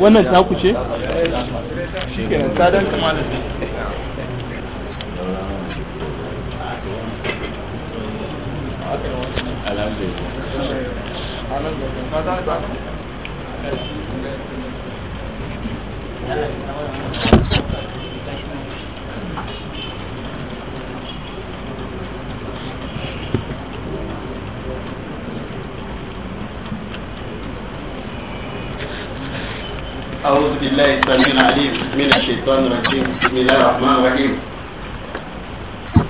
wannan ta ce shi ke nan tsadon kamalin Thank أعوذ بالله السميع العليم من الشيطان الرجيم بسم الله الرحمن الرحيم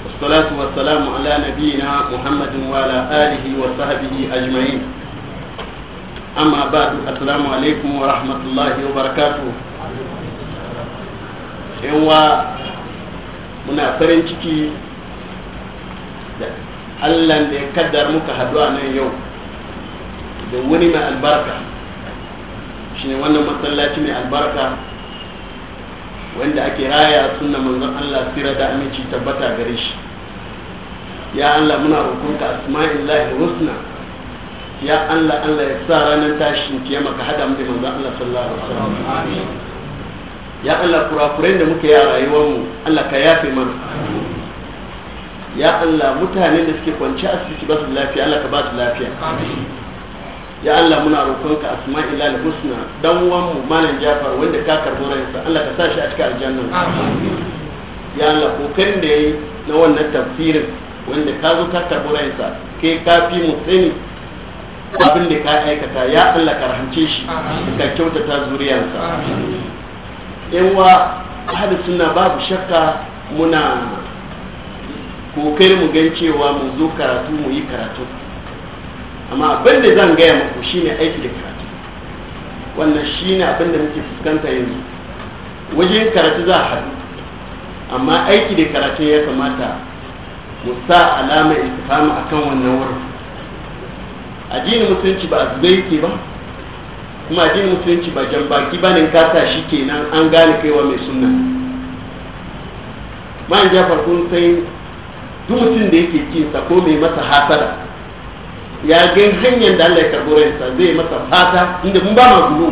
والصلاة والسلام على نبينا محمد وعلى آله وصحبه أجمعين أما بعد السلام عليكم ورحمة الله وبركاته إن muna farin ciki da allah da ya kaddar muka haduwa nan yau da wani mai albarka ne wannan masallaci mai albarka wanda ake raya sunna manzon Allah sira da aminci tabbata gare shi ya Allah muna roƙonka lahi husna ya Allah Allah ya sa ranar tashin kiyama ka hada mu da manzon Allah sallallahu alaihi wasallam ya Allah kurakuren da muka yi a rayuwar mu Allah ka yafe mana ya Allah mutanen da suke kwanci asibiti ba su lafiya Allah ka ba su lafiya amin ya Allah muna roƙonka asma'il al-husna dan uwan mu malam Jafar wanda ka karbo ransa Allah ka sa shi a cikin aljanna ya Allah kokarin da yayi na wannan tafsirin wanda ka zo ka karbo ransa kai ka fi mu sani abin da ka aikata ya Allah ka rahance shi ka kyautata zuriyarsa yan wa ahli sunna babu shakka muna kokarin mu gan cewa mu zo karatu mu yi karatu amma abin da zan gaya muku shine aiki da karatu wannan shine abin da muke fuskanta yanzu wajen karatu za a haɗu amma aiki da karatu ya kamata mu sa alama a akan wannan wurin addinin musulunci ba a zube yake ba kuma addinin musulunci ba jan baki ba ne kasa shi kenan an gane kaiwa mai sunna man jafar kun sai duk mutum da yake cinsa ko mai masa hasara ya hanyar da Allah ya karbo ransa zai masa fata inda mun ba ma gudu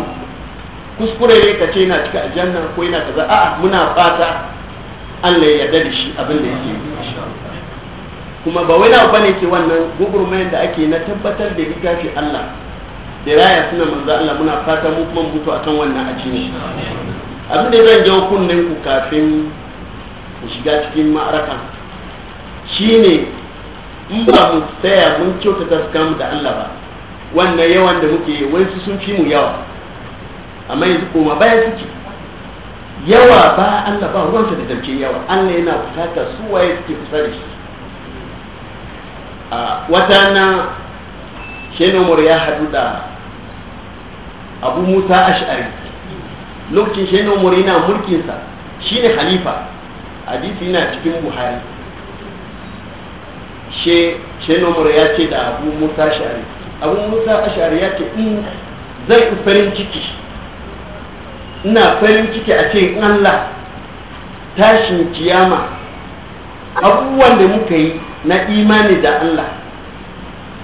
kuskure ne ka ce yana cika aljanna ko yana kaza a'a muna fata Allah ya yarda da shi abin da yake kuma ba wai abu bane ke wannan gugurmayar da ake na tabbatar da littafi Allah da raya suna manzo Allah muna fata mu kuma mutu akan wannan ajini abin da zan jawo kunnen ku kafin ku shiga cikin ma'arakan shine in ba mu tsaya mun kyautata mu da Allah ba wannan yawan da muke wai su sun fi mu yawa amma yanzu koma baya suke yawa ba Allah ba ruwan da dace yawa Allah yana fusata su waye suke kusa da shi a wata na shenomar ya haɗu da abu musa ash'ari lokacin shenomar yana mulkinsa shine Khalifa. hadisi yana cikin buhari she she nomura ya ce da abu musa shari abu musa a shari ya ce in mm, zai farin ciki ina farin ciki a ce allah tashin kiyama abubuwan da muka yi na imani da allah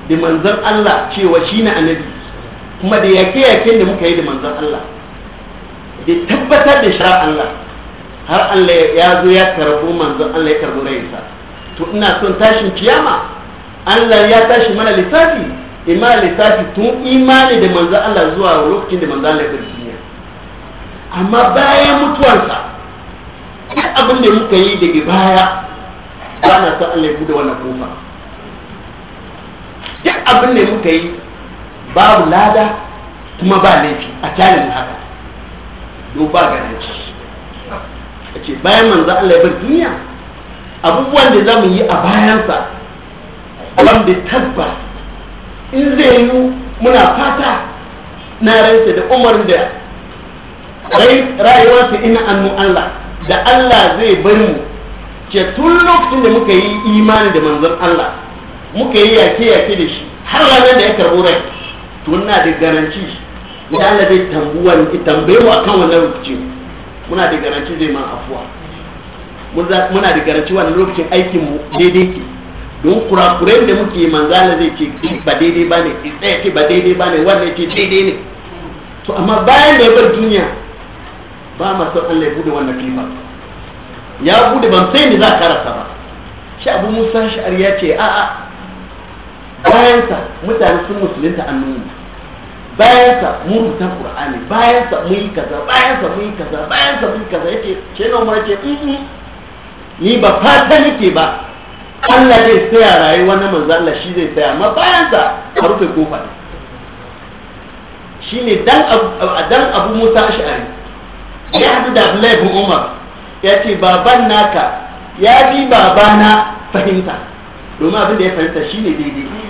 da manzan allah cewa shi na annabi kuma da yake-yaken da muka yi da manzan allah da tabbatar da shara allah har allah ya zo ya karbo manzan allah ya karbo rayinsa to ina son tashin kiyama Allah ya tashi mana lissafi ima lissafi tun imani da manzo Allah zuwa lokacin da manzo Allah ya duniya amma bayan mutuwarsa duk abin da muka yi daga baya ba na son Allah ya bude wannan kofa duk abin da muka yi babu lada kuma ba laifi a tarihin haka don ba garanci a ce bayan manzo Allah ya bar duniya abubuwan da za mu yi a bayansa wanda tabbas in zai yi muna fata na ransa da umar da rayuwarsa ina annu Allah da Allah zai bari mu ce tun lokacin da muka yi imani da manzon Allah muka yi yake yake da shi har ranar da ya karɓo rai tun na da garanci da Allah zai tambuwa tambaye mu wannan rubuce muna da garanci zai ma afuwa muna da garanci wannan lokacin aikin mu daidai ke don kurakuren da muke manzala zai ce ba daidai ba ne ya ce ba daidai ba ne wannan ce daidai ne to amma bayan da ya bar duniya ba ma san Allah ya bude wannan kilifa ya bude ban sai ni za ka rasa ba shi abu musa sha'ar ya ce a bayansa mutane sun musulunta annobi bayansa mun rubuta qur'ani bayansa mun yi kaza bayansa mun yi kaza bayansa mun yi kaza yake ce na umar yace ii. ni ba fata nake ba Allah zai tsaya rayuwa na manzo Allah shi zai tsaya amma bayan sa a rufe kofa shi ne dan abu musa ash'ari ya hadu da abdullahi bin umar ya ce baban naka ya bi babana fahimta domin abin da ya fahimta shi ne daidai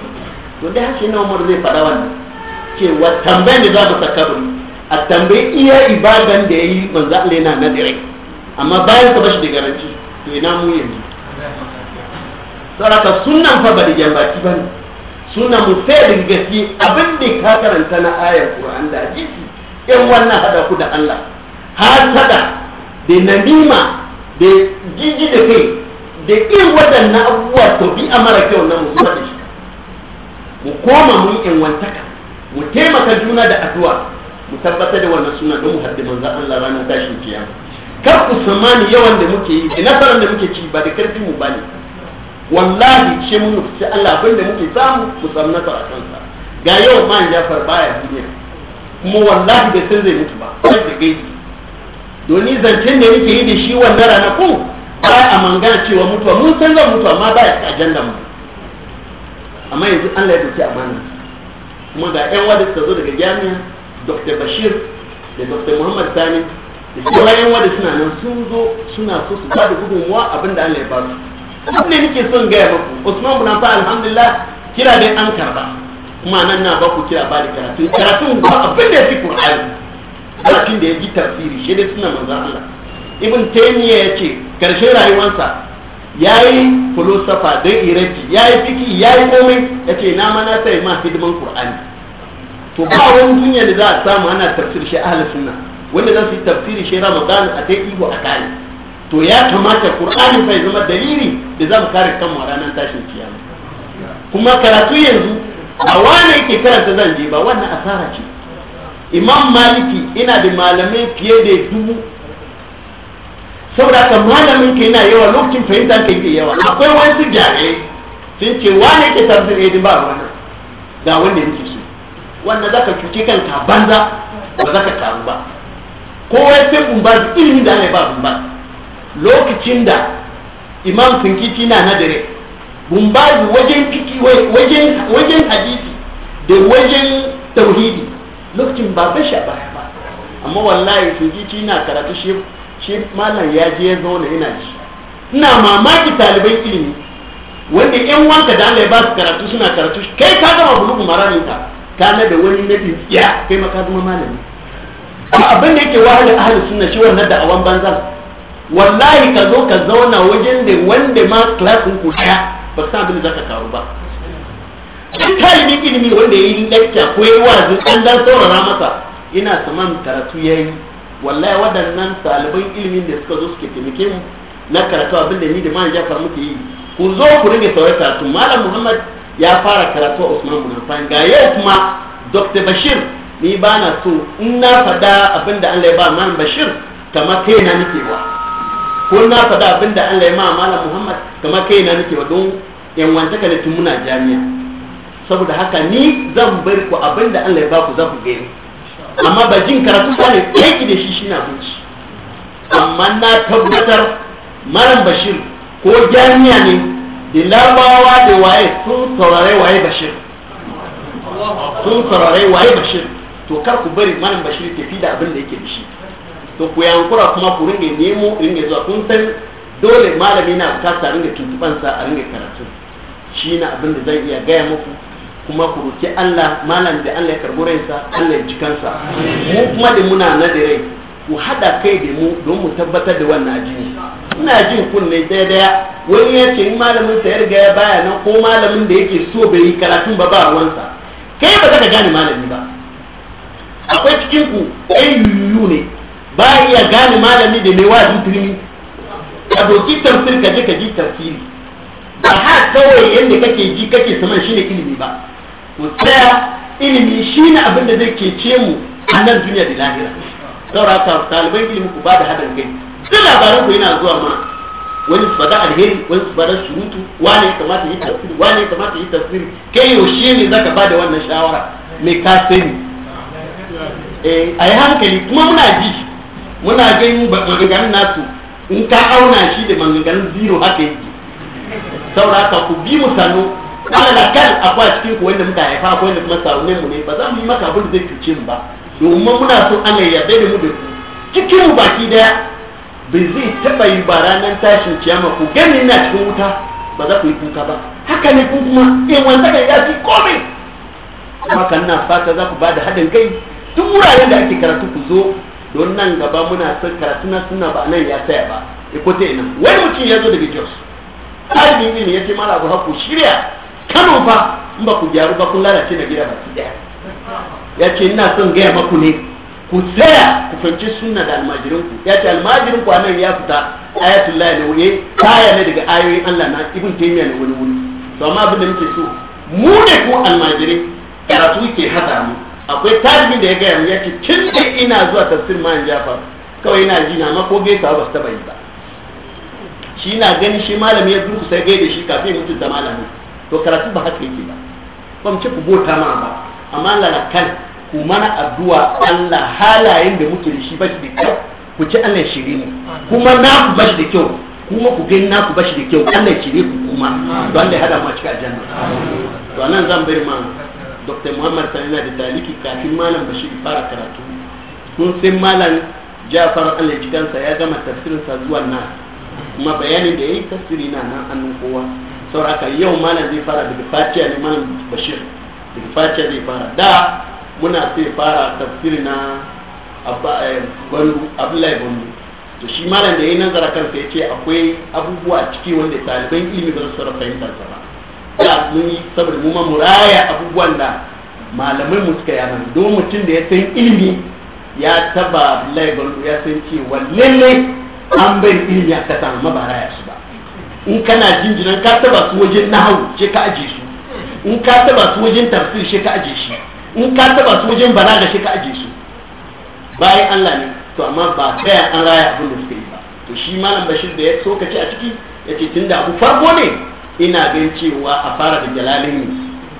to dai haka na umar zai faɗa wannan wa tambayi da za mu saka a tambayi iya ibadan da ya yi manzo Allah yana na direk amma bayan ka bashi da garanti to ina mu yanzu saraka sunan fa bari jambaki ba ne sunan mu sai da gaske abin da ka karanta na ayar qur'an da hadisi in wannan hada ku da Allah har sada da namima da jiji da kai da irin waɗannan abubuwa to bi a mara kyau na mu da shi mu koma mu yi wantaka mu taimaka juna da addu'a mu tabbatar da wannan suna don mu haddi manzon Allah ranar tashin kiyama kar ku tsammani yawan da muke yi da nasarar da muke ci ba da karfin mu bane wallahi ce mun nufi Allah abin da muke samu ku samu nasara kansa ga yau ya Jafar baya duniya kuma wallahi bai san zai mutu ba sai da gaji domin zancen ne yake yi da shi wannan ko? ba a mangana cewa mutuwa mun san zan mutu amma ba ya ajanda mu amma yanzu Allah ya dauki amana kuma ga ƴan wadda suka zo daga jami'a Dr. Bashir da Dr. Muhammad Sani bayan da suna nan sun zo suna so su ba da gudunmuwa abin da Allah ya basu su abin da nake son gaya muku Usman bin Affan alhamdulillah kira dai an karba kuma nan na ba ku kira ba da karatu karatu ba abin da ya fi Qur'ani karatu da ya ji tafsiri shi dai suna manzo Allah Ibn Taymiyyah ya ce karshen rayuwarsa yayi filosofa da iraki yayi fiki yayi komai yace na ma na sai ma hidiman Qur'ani to ba wani duniya da za a samu ana tafsir shi ahlus sunna wanda za su yi tafsiri shi ramadan a ta ihu a kare to ya kamata qur'ani sai zama dalili da za mu kare kanmu a ranar tashin kiyama kuma karatu yanzu a wane yake karanta zan je ba wannan asara ce imam maliki ina da malamai fiye da dubu saboda ka malamin ka yana yawa lokacin fahimta ka yi yawa akwai wani su jami'ai sun ce wane ke tafsir ya ba wannan ga wanda yake so wanda zaka cuce kanka banza ba za ka taru ba kowa ya sai bumbaz ilimin da ana ba bumbaz lokacin da imam sinkiti na dare bumbaz wajen fiki wajen wajen hadisi da wajen tauhidi lokacin ba ba sha baya ba amma wallahi sinkiti na karatu shi shi malam ya je ya zauna ina ji ina mamaki talibai ilimi wanda yan wanka da Allah ya ba su karatu suna karatu kai ka gama bulugu maraninka ka na da wani nabi ya kai maka zama malami ba abin da yake wahalar ahalin sunna shi wannan da awan banzan wallahi ka zo ka zauna wajen da wanda ma klasin ku daya ba san abin da zaka karu ba yi talibin ilimi wanda ya yi lecture ko ya yi an dan saurara masa ina saman karatu ya yi wallahi waɗannan ɗaliban ilimin da suka zo suke taimake mu na karatu abin da ni da malam jafar muke yi ku zo ku rage sauran karatu malam muhammad ya fara karatu a usman bin ga yau kuma dr bashir ni ba na so in na fada abin da Allah ya ba malam Bashir kamar kai na nake wa ko na fada abin da Allah ya ma malam Muhammad kamar kai na nake wa don yan wantaka ne tun muna jami'a saboda haka ni zan bar ku abin da Allah ya ba ku za ku gani amma ba jin karatu ba ne yake da shi shi na huci amma na tabbatar malam Bashir ko jami'a ne da labawa da waye sun saurare waye Bashir sun saurare waye Bashir to kar ku bari malam bashir ke fi da abin da yake da shi to ku yankura kuma ku ringe nemo ringe zuwa kun san dole malami na bukata ringa sa a ringe karatu shi na abin da zan iya gaya muku kuma ku roki Allah malam da Allah ya karbo sa Allah ya jikansa mu kuma da muna na da rai ku hada kai da mu don mu tabbatar da wannan ajini ina jin kunne daya daya wani ya ce malamin sa ya riga ya baya nan ko malamin da yake so bai yi karatun ba ba ruwansa kai ba ka gane malami ba akwai cikin ku ɗan yuyu ne ba iya gane malami da mai wajen turmi ka doki tafsir ka je ka ji tafsiri ba ha kawai yadda kake ji kake saman shine ilimi ba ku tsaya ilimi shi shine abin da zai ce mu a nan duniya da lahira saboda haka taliban ilimi ku ba da haɗin kai duk labaran ku yana zuwa mana wani su bada alheri wani su bada surutu wane ya kamata yi tafsiri wane ya kamata yi tafsiri kai yaushe ne zaka ba da wannan shawara mai ka sani E, a yi hankali kuma muna ji muna gani maganganun nasu in ka auna shi da maganganun zero haka yake saboda haka ku bi mu sannu da kan akwai a cikin ku wanda muka haifa akwai wanda kuma sarunan mu ne ba za mu yi maka abin da zai cuce mu ba domin muna so ana yarda da mu da ku cikin mu baki daya bai zai taɓa yi ba ranar tashin ciyama ku gani na cikin wuta ba za ku yi kuka ba haka ne ku kuma in wanda ka ya fi komai kuma kan na fata za ku ba da haɗin kai duk wuraren da ake karatu ku zo don nan gaba muna son karatu na suna ba nan ya saya ba iko ta ina wani mutum ya zo daga jos ɗalibin ilimi ya ce mara abu haku shirya kano fa in ba ku gyaru ba kun lalace na gida ba su daya ya ce ina son gaya maku ne ku tsaya ku fanci suna da almajirin ku ya ce almajirin ku anan ya fita ayatullahi ne wuye kaya ne daga ayoyin Allah na ibn taymiya ne wani wuri to amma abin da muke so mu ne ko almajirin karatu ke hada mu akwai talibin da ya gaya ya ce tun da ina zuwa tafsir man jafar kawai ina ji ma ko gaisa ba su taba yi ba shi na gani shi malami ya durku sai gaida shi kafin mutu da malami to karatu ba haka yake ba ba mu ce ku bota ma ba amma Allah na kan ku mana addu'a Allah halayen da muke da shi ba shi da kyau ku ci Allah shiri ne kuma na ku ba shi da kyau kuma ku gani na ku ba shi da kyau Allah shiri ku kuma don da hada ma cika aljanna to anan zan bari ma dr muhammad sani yana da daliki kafin malam bashir fara karatu kun sai malam jafar alajikansa ya gama tafsirinsa zuwa na kuma bayanin da ya yi tafsiri na nan hannun kowa sauraka yau malam zai fara daga fatiya ne malam bashir daga fatiya zai fara da muna sai fara tafsiri na eh, abdullahi gwandu to shi malam da ya yi nazara kansa ya ce akwai abubuwa a ciki wanda ɗaliban ilimi ba su sarrafa yin ba da mun yi saboda mu ma muraya abubuwan da malamai mu suka yana don mutum da ya san ilimi ya taba laifin ya san cewa lalle an bai ilimi a kasa amma ba raya su ba in kana jinjinan ka taba su wajen nahawu ce ka aje su in ka taba su wajen tafsir ce ka aje shi in ka taba su wajen balaga ce ka aje su bayan Allah ne to amma ba kaya an raya abin da suka yi ba to shi malam bashir da ya sokaci a ciki tun da abu farko ne ina gan cewa a fara da jalalin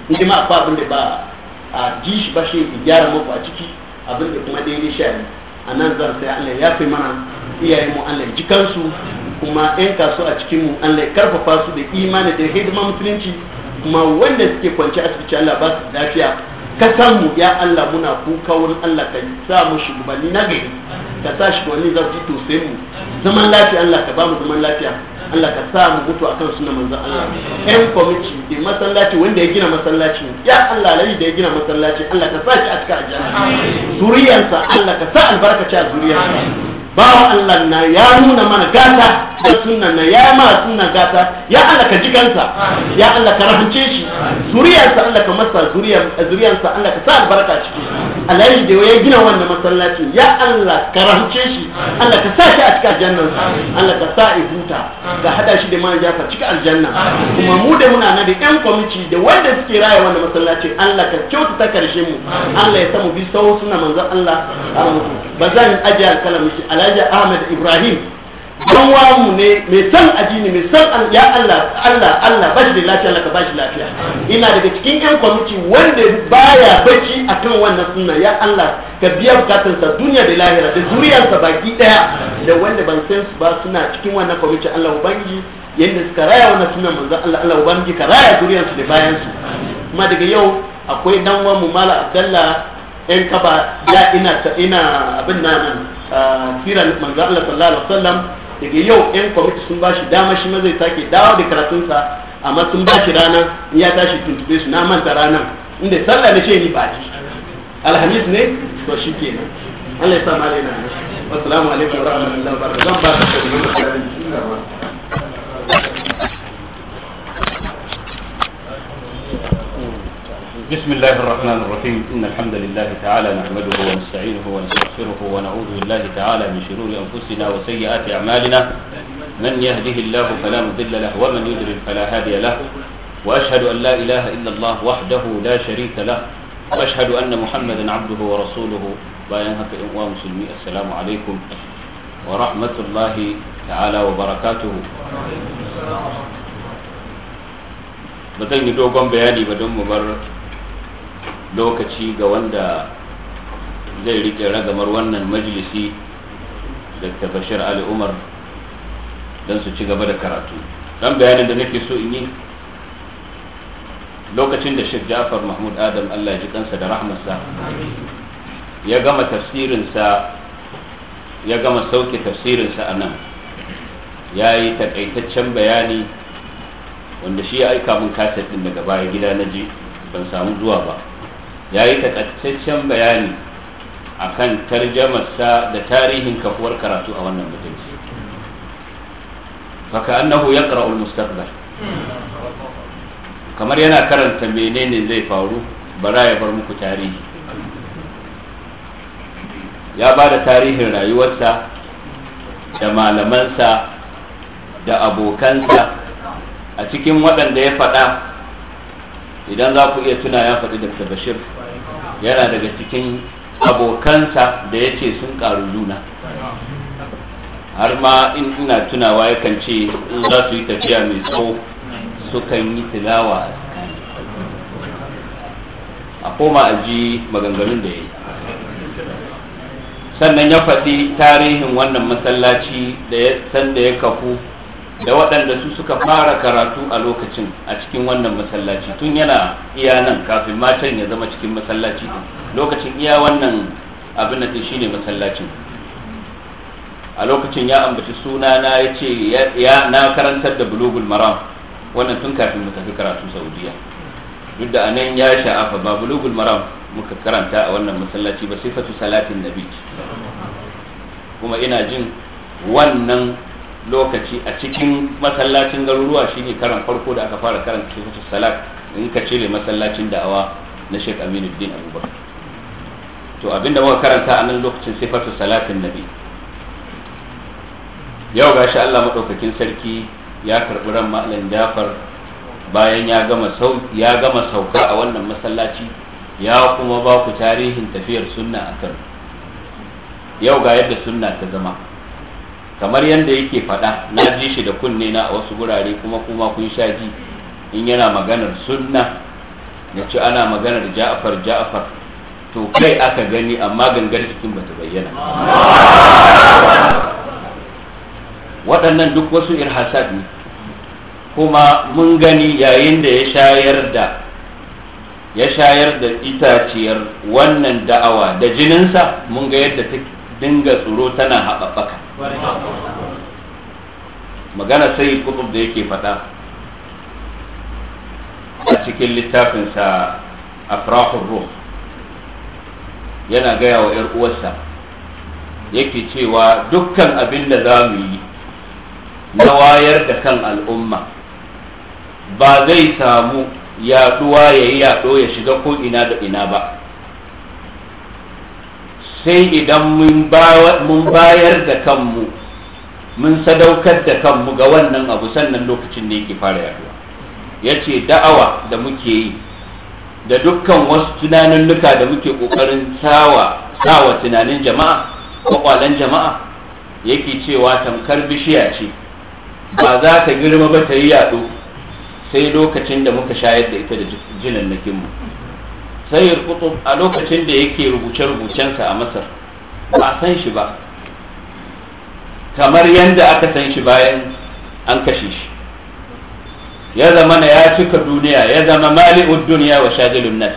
ne in ma akwai abin da ba a ji shi ba shi gyara muku a ciki abin da kuma daidai sha a nan zan sai Allah ya fi mana iyaye mu Allah ji kansu kuma yan kasu a cikin mu Allah ya karfafa su da imani da hidima musulunci kuma wanda suke kwance cikin Allah ba su lafiya kasan mu ya Allah muna kuka wurin Allah ka sa mu shugabanni na gari ka sa shi wani zafi to sai mu zaman lafiya Allah ka ba mu zaman lafiya Allah ka sa mu mutu akan sunan manzon Allah ɗan kwamiti da masallaci wanda ya gina masallaci ya Allah lalli da ya gina masallaci Allah ka sa shi a cikin aljanna zuriyarsa Allah ka sa albarkaci a zuriyarsa bawa Allah na ya nuna mana gata da sunan na ya ma sunan gata ya Allah ka jikansa ya Allah ka rahance shi zuriyarsa Allah ka masa zuriyarsa Allah ka sa albarka ciki alayi da ya gina wannan masallaci ya Allah ka rahance shi Allah ka sa shi a cikin aljanna Allah ka sa ya huta ka hada shi da man jafa cikin aljanna kuma mu da muna na da yan kwamiti da wanda suke raya wannan masallaci Allah ka ta karshe mu Allah ya samu bi sau suna manzon Allah ba zan ajiye alkalamin shi alhaji ahmed ibrahim don mu ne mai san ajini mai san ya Allah Allah Allah bashi da lafiya Allah ka bashi lafiya ina daga cikin yan kwamiti wanda baya bacci akan wannan sunna ya Allah ka biya bukatun sa duniya da lahira da zuriyarsa baki daya da wanda ban san su ba suna cikin wannan kwamiti Allah ubangi yanda suka raya wannan sunnan manzo Allah Allah ubangi ka raya zuriyarsu da bayan su kuma daga yau akwai dan mu mala Abdallah yan kaba ya ina ina abin nan siran manzo Allah sallallahu alaihi wasallam daga yau ɗan kwamiti sun bashi dama shi ma zai sake dawo da karatunsa amma sun bashi ranar in ya tashi tuntube su na manta ranar inda sallah na ce ni ba ji alhamis ne to shi ke nan Allah ya sa malai na wasu alaikum wa rahmatullahi wa barakatuh zan ba ka بسم الله الرحمن الرحيم إن الحمد لله تعالى نحمده ونستعينه ونستغفره ونعوذ بالله تعالى من شرور أنفسنا وسيئات أعمالنا من يهده الله فلا مضل له ومن يضلل فلا هادي له وأشهد أن لا إله إلا الله وحده لا شريك له وأشهد أن محمدا عبده ورسوله وينهك إخوة مسلمي السلام عليكم ورحمة الله تعالى وبركاته ba zan yi بدون مبرر lokaci ga wanda zai rike ragamar wannan majalisi da bashir ali umar don su ci gaba da karatu dan bayanin da nake so in yi lokacin da shek jafar mahmud adam allah ji kansa da rahmarsa ya gama tafsirinsa ya gama sauke tafsirinsa a nan ya yi takaitaccen bayani wanda shi ya aika mun kaset ɗin daga baya gida na ji ban samu zuwa ba ya yi takaitaccen bayani a kan tarjamarsa da tarihin kafuwar karatu a wannan mutunci faka annahu ya ƙara'ul mustaqbal kamar yana karanta menene zai faru bara ya bar muku tarihi ya ba da tarihin rayuwarsa da malamansa da abokansa a cikin waɗanda ya faɗa idan za ku iya tuna ya faɗi da bashir yana daga cikin abokansa da ya ce sun ƙaru juna har ma in ina tunawa yakan ce in za su yi tafiya mai tsawo sukan yi tilawa a tsakani a koma a ji maganganun da ya yi sannan ya faɗi tarihin wannan masallaci da ya san da ya kafu da waɗanda su suka fara karatu a lokacin a cikin wannan masallaci tun yana iya nan kafin matan ya zama cikin masallaci lokacin iya wannan abin da ne masallacin a lokacin ya ambaci suna na ya ce ya na karantar da bulugul maram wannan tun kafin mu tafi karatu saudiya duk da anan ya sha'afa ba bulugul maram muka karanta a wannan masallaci ba sifatu salatin nabi kuma ina jin wannan lokaci a cikin masallacin garuruwa shine karan farko da aka fara karanta sifatu salat in ka cire masallacin da'awa na Sheikh Aminuddin Abubakar to abinda muka karanta a nan lokacin sifatu salatin nabi yau gashi Allah maɗaukakin sarki ya karɓi ran malam Jafar bayan ya gama sauka a wannan masallaci ya kuma ba ku tarihin tafiyar sunna a Kano yau ga yadda sunna ta zama kamar yadda yake faɗa na ji shi da kunne na a wasu gurare kuma kuma kun sha ji in yana maganar sunna ya ci ana maganar ja'afar ja'afar to kai aka gani amma gangar cikin bata bayyana waɗannan duk wasu irhasad ne kuma mun gani yayin da ya shayar da ya shayar da itaciyar wannan da'awa da jininsa mun ga yadda take dinga tsoro tana haɓaɓɓaka magana sai kutub da yake faɗa a cikin littafinsa afrahun ruh yana gaya wa 'yar uwarsa yake cewa dukkan abin da za mu yi na wayar da kan al'umma ba zai samu yaɗuwa ya yi yaɗo ya shiga ko ina da ina ba sai idan mun bayar da kanmu mun sadaukar da kanmu ga wannan abu sannan lokacin da yake fara yaduwa ya ce da'awa da muke yi da dukkan wasu tunaninnuka da muke ƙoƙarin sawa tunanin jama'a kwakwalen jama'a yake cewa tamkar bishiya ce ba za ta girma ba ta yi yaɗo sai lokacin da muka shayar da ita da jinannakinmu sayyid kutub a lokacin da yake rubuce-rubucensa a masar ba a san shi ba kamar yadda aka san shi bayan an kashe shi ya zama na ya cika duniya ya zama mali'ud duniya wa shajilun nas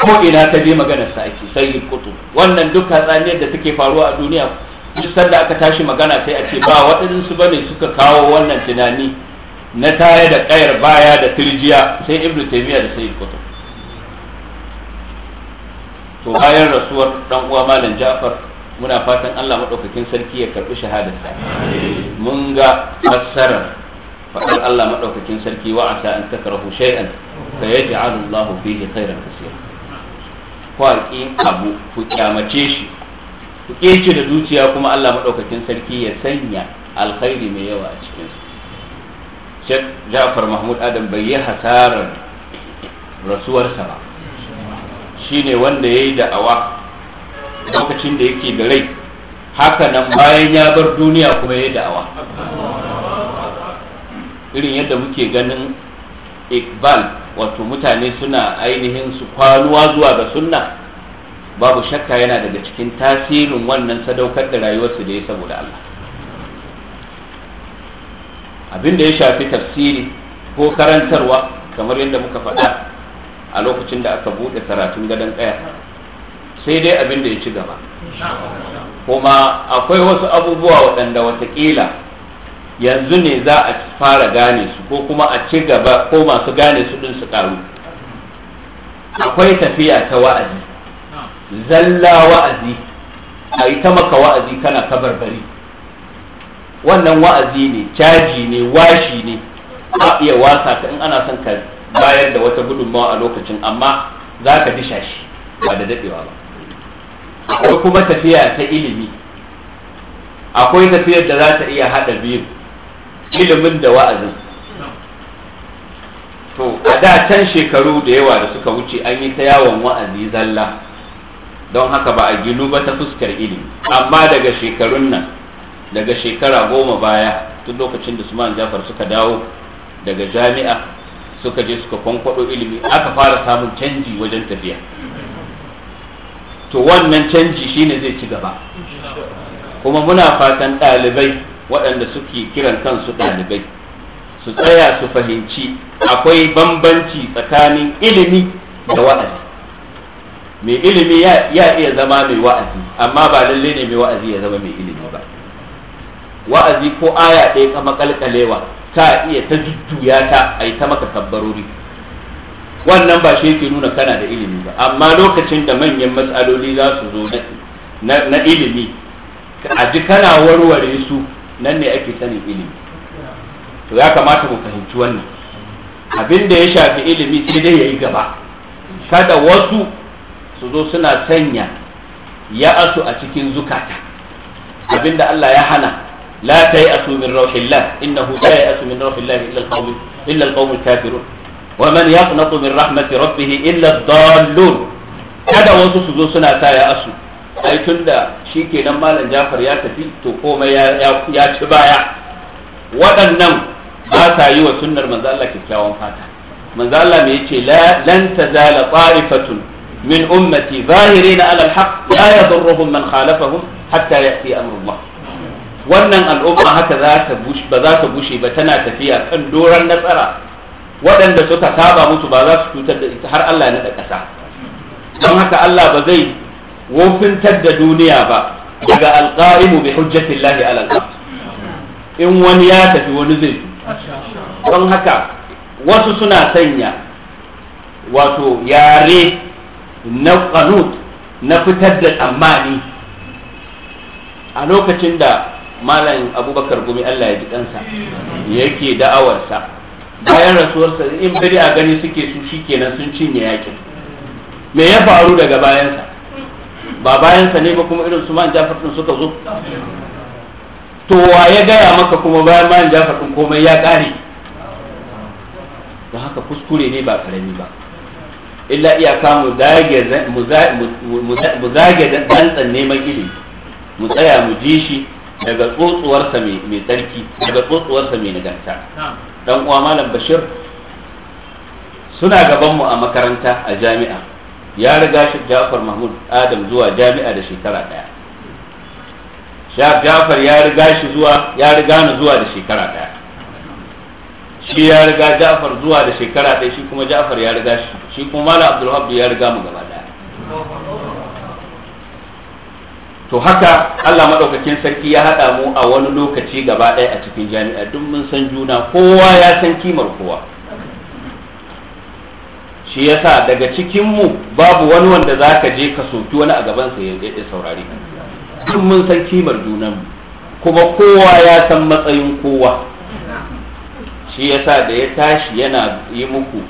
ko ina ta je magana sa ake sayyid kutub wannan duk tsaniyar da take faruwa a duniya kusan da aka tashi magana sai a ce ba waɗansu ne suka kawo wannan tunani na taya da kayar baya da tirjiya sai ibnu taymiya da sayyid kutub to bayan rasuwar dan uwa malam Ja'far muna fatan Allah madaukakin sarki ya karbi shahadarsa mun ga fassarar faɗar Allah madaukakin sarki wa asa an takrahu shay'an fa yaj'alu Allah fihi khairan kaseera ko alƙin abu ku kyamace shi ku kirce da zuciya kuma Allah madaukakin sarki ya sanya alkhairi mai yawa a cikin su Sheikh Ja'far Mahmud Adam bai yi hasarar rasuwarsa ba shine wanda ya yi da'awa lokacin da yake da rai haka nan bayan ya bar duniya kuma ya yi da'awa irin yadda muke ganin iqbal wato mutane suna ainihin su kwaluwa zuwa ga sunna babu shakka yana daga cikin tasirin wannan sadaukar da rayuwarsu da ya saboda Allah abin da ya shafi tafsiri ko karantarwa kamar yadda muka faɗa a lokacin da aka bude karatun gadon kaya sai dai abin da ya ci gaba kuma akwai wasu abubuwa waɗanda watakila yanzu ne za a fara gane su ko kuma a ci gaba ko masu gane su ɗin su ƙaru akwai tafiya ta wa'azi zalla wa'azi a yi ta maka wa'azi kana bari wannan wa'azi ne caji ne washi ne a iya wasa ta in ana son ka bayar da wata gudunmawa a lokacin amma za ka disha shi ba da daɗewa ba akwai kuma tafiya ta ilimi akwai tafiyar da za ta iya haɗa biyu ilimin da wa'azin to a da can shekaru da yawa da suka wuce an yi ta yawon wa'azi zalla don haka ba a ginu ba ta fuskar ilimi amma daga shekarun nan daga shekara goma baya tun lokacin da su suman jafar suka dawo daga jami'a suka je suka kwankwado ilimi aka fara samun canji wajen tafiya to wannan canji shine zai ci gaba kuma muna fatan ɗalibai waɗanda suke kiran kansu ɗalibai su tsaya su fahimci akwai bambanci tsakanin ilimi da wa'azi mai ilimi ya iya zama mai wa'azi amma ba lalle ne mai wa'azi ya zama mai ilimi ba wa'azi ko aya ɗaya kama kalkalewa ta iya ta jujjuya ta a yi ta maka tabbarori. wannan ba shi yake nuna kana da ilimi ba amma lokacin da manyan matsaloli za su zo na ilimi a ji kana warware su nan ne ake sanin ilimi to ya kamata mu fahimci wannan abin da ya shafi ilimi sai dai ya yi gaba kada wasu su zo suna sanya ya asu a cikin zukata abin da Allah ya hana la tayasu min rauhillah innahu la yasu min rauhillah illa alqawm illa alqawm alkafirun wa man yaqnatu min rahmati rabbih illa ad-dallun kada wasu su zo suna ta ya asu ai tunda shikenan malam Jafar ya tafi to komai ya ya ci baya waɗannan ba sa yi wa sunnar manzo Allah kyakkyawan fata manzo Allah me yace la lan tazala ta'ifatun min ummati zahirina ala al-haq la yadurruhum man khalafahum hatta ya'ti amrullah wannan al'umma haka za ta ba za ta bushe ba tana tafiya kan doran nasara waɗanda suka saba musu ba za su cutar da ita har Allah ya naɗa ƙasa don haka Allah ba zai wofintar da duniya ba daga alqaimu bi hujjatillahi ala al in wani ya tafi wani zai don haka wasu suna sanya wato yare na qanut na fitar da tsammani a lokacin da malam abubakar gumi allah ya ji kansa yake da'awarsa bayan rasuwarsa in bari a gani suke su kenan sun cinye yakin me ya faru daga bayansa ba bayansa ne ba kuma irin su man jafar din suka zo to wa ya gaya maka kuma bayan man jafar din komai ya kare don haka kuskure ne ba karami ba illa iyaka mu zage dantsan neman ilimi mu tsaya mu ji shi daga tsotsuwarsa mai tsarki daga tsotsuwarsa mai nagarta dan uwa malam bashir suna gaban mu a makaranta a jami'a ya riga shi jafar mahmud adam zuwa jami'a da shekara daya jafar ya riga shi zuwa ya riga ni zuwa da shekara daya shi ya riga jafar zuwa da shekara daya shi kuma jafar ya riga shi shi kuma malam abdulhab ya riga mu gaba daya to haka Allah madaukakin sarki ya haɗa mu a wani lokaci gaba ɗaya a cikin jami'a duk mun san juna kowa ya san kimar kowa shi yasa daga cikin mu babu wani wanda za ka je ka soki wani a gaban sa ya saurari duk mun san kimar junan mu kuma kowa ya san matsayin kowa shi yasa da ya tashi yana yi muku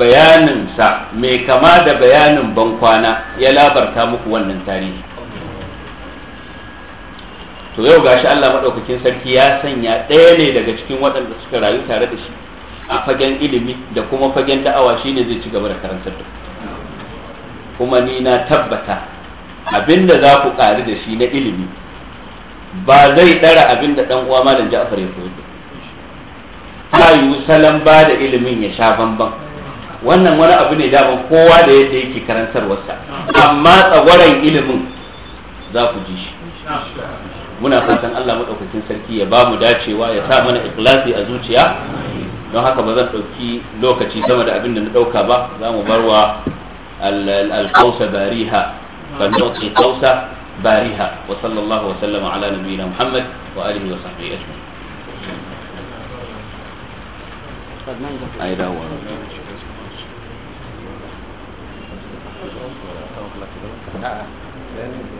bayanin sa mai kama da bayanin bankwana ya labarta muku wannan tarihi to yau gashi Allah madaukakin sarki ya sanya ɗaya ne daga cikin waɗanda suka rayu tare da shi a fagen ilimi da kuma fagen da'awa shine zai ci gaba da karantar da kuma ni na tabbata abin da za ku ƙari da shi na ilimi ba zai ɗara abin da ɗan uwa malam Ja'far ya koyar da ta yiwu salon ba da ilimin ya sha bamban wannan wani abu ne daban kowa da yadda yake karantarwarsa amma tsagwaron ilimin za ku ji shi muna fatan Allah madaukakin sarki ya ba mu dacewa ya sa mana ikhlasi a zuciya don haka ba zan ɗauki lokaci sama da abin da na dauka ba za mu bar wa alƙausa bariha fannauti ƙausa bariha wa sallallahu wa sallama ala nabiyina muhammad wa alihi wa sahbihi ajma'in Thank you.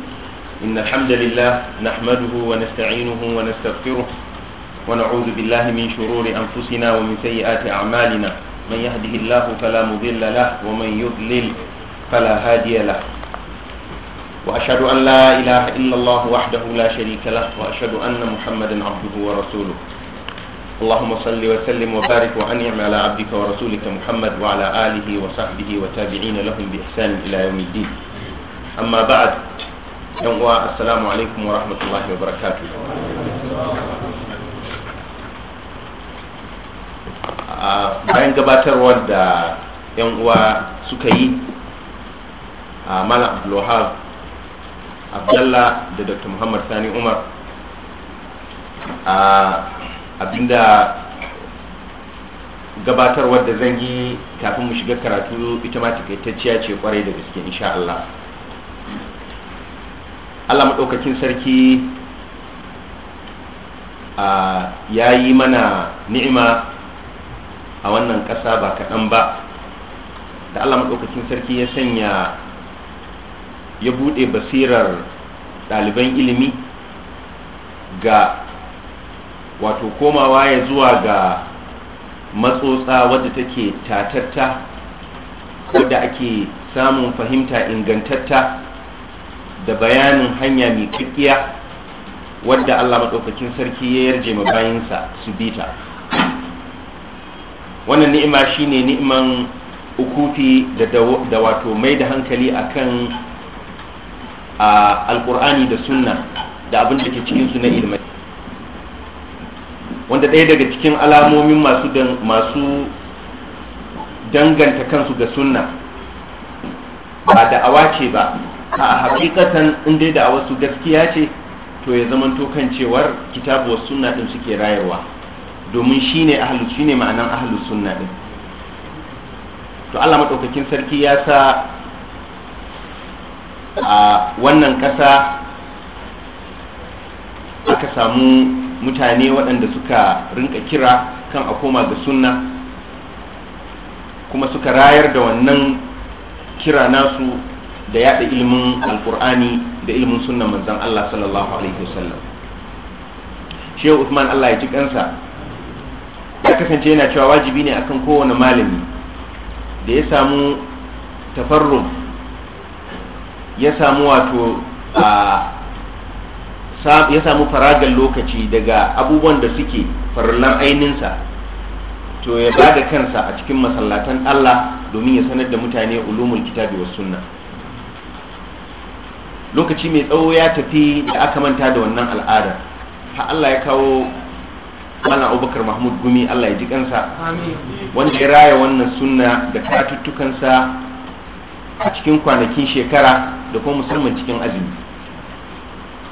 إن الحمد لله نحمده ونستعينه ونستغفره ونعوذ بالله من شرور أنفسنا ومن سيئات أعمالنا من يهده الله فلا مضل له ومن يضلل فلا هادي له وأشهد أن لا إله إلا الله وحده لا شريك له وأشهد أن محمدا عبده ورسوله اللهم صل وسلم وبارك وأنعم على عبدك ورسولك محمد وعلى آله وصحبه وتابعين لهم بإحسان إلى يوم الدين أما بعد yan uwa assalamu alaikum wa rahmatullahi wa barakatu bayan gabatarwar da yan uwa suka yi a malam abdulwahab abdallah da dr muhammad sani umar abinda gabatarwar da zan yi kafin mu shiga karatu ita ma takaitacciya ce kwarai da gaske insha Allah Allah maɗaukakin sarki ya yi mana ni'ima a wannan ƙasa ba kaɗan ba da Allah maɗaukakin sarki ya sanya ya buɗe basirar ɗaliban ilimi ga wato komawa ya zuwa ga matsotsa wadda take tatatta da ake samun fahimta ingantatta da bayanin hanya mai kakkiya wadda Allah maɗaukakin sarki ya yarje ma bayinsa su bita wannan ni'ima shine ni'iman ukufi da wato mai da hankali akan alkur'ani da sunna da abin da ke cikin su na ilmai wanda ɗaya daga cikin alamomin masu danganta kansu ga sunna ba da ce ba a hakikatan in dai da wasu gaskiya ce to ya zamanto kan cewar kitabu wa sunna din suke rayarwa domin shine ahlu shine ma'anan ahlu sunna din to Allah madaukakin sarki ya sa a wannan ƙasa aka samu mutane waɗanda suka rinka kira kan a koma ga sunna kuma suka rayar da wannan kira nasu da yada ilimin alkur'ani da ilimin sunnan manzon Allah sallallahu alaihi wasallam shehu Usman Allah ya ji kansa ya kasance yana cewa wajibi ne akan kowane malami da ya samu tafarrum ya samu wato a ya samu faragar lokaci daga abubuwan da suke farallan aininsa to ya bada kansa a cikin masallatan Allah domin ya sanar da mutane ulumul kitabi was sunna lokaci mai tsawo ya tafi da aka manta da wannan al'adar har Allah ya kawo Malam Abubakar Mahmud Gumi Allah ya ji kansa wanda ya raya wannan sunna da karatuttukansa a cikin kwanakin shekara da kuma musulman cikin azumi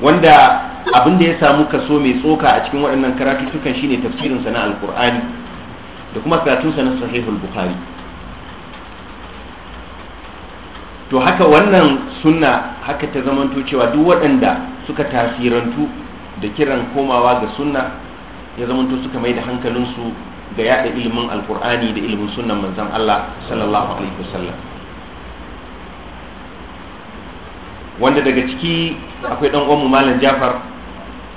wanda abin da ya samu kaso mai tsoka a cikin waɗannan karatuttukan shine tafsirinsa na alkur'ani da kuma karatunsa na sahihul bukhari to haka wannan sunna haka ta zamanto cewa duk waɗanda suka tasirantu da kiran komawa ga sunna ya zamanto suka mai da hankalinsu ga yada ilimin alkur'ani da ilimin sunnan manzan Allah sallallahu alaihi wasallam wanda daga ciki akwai dan uwanmu malam Jafar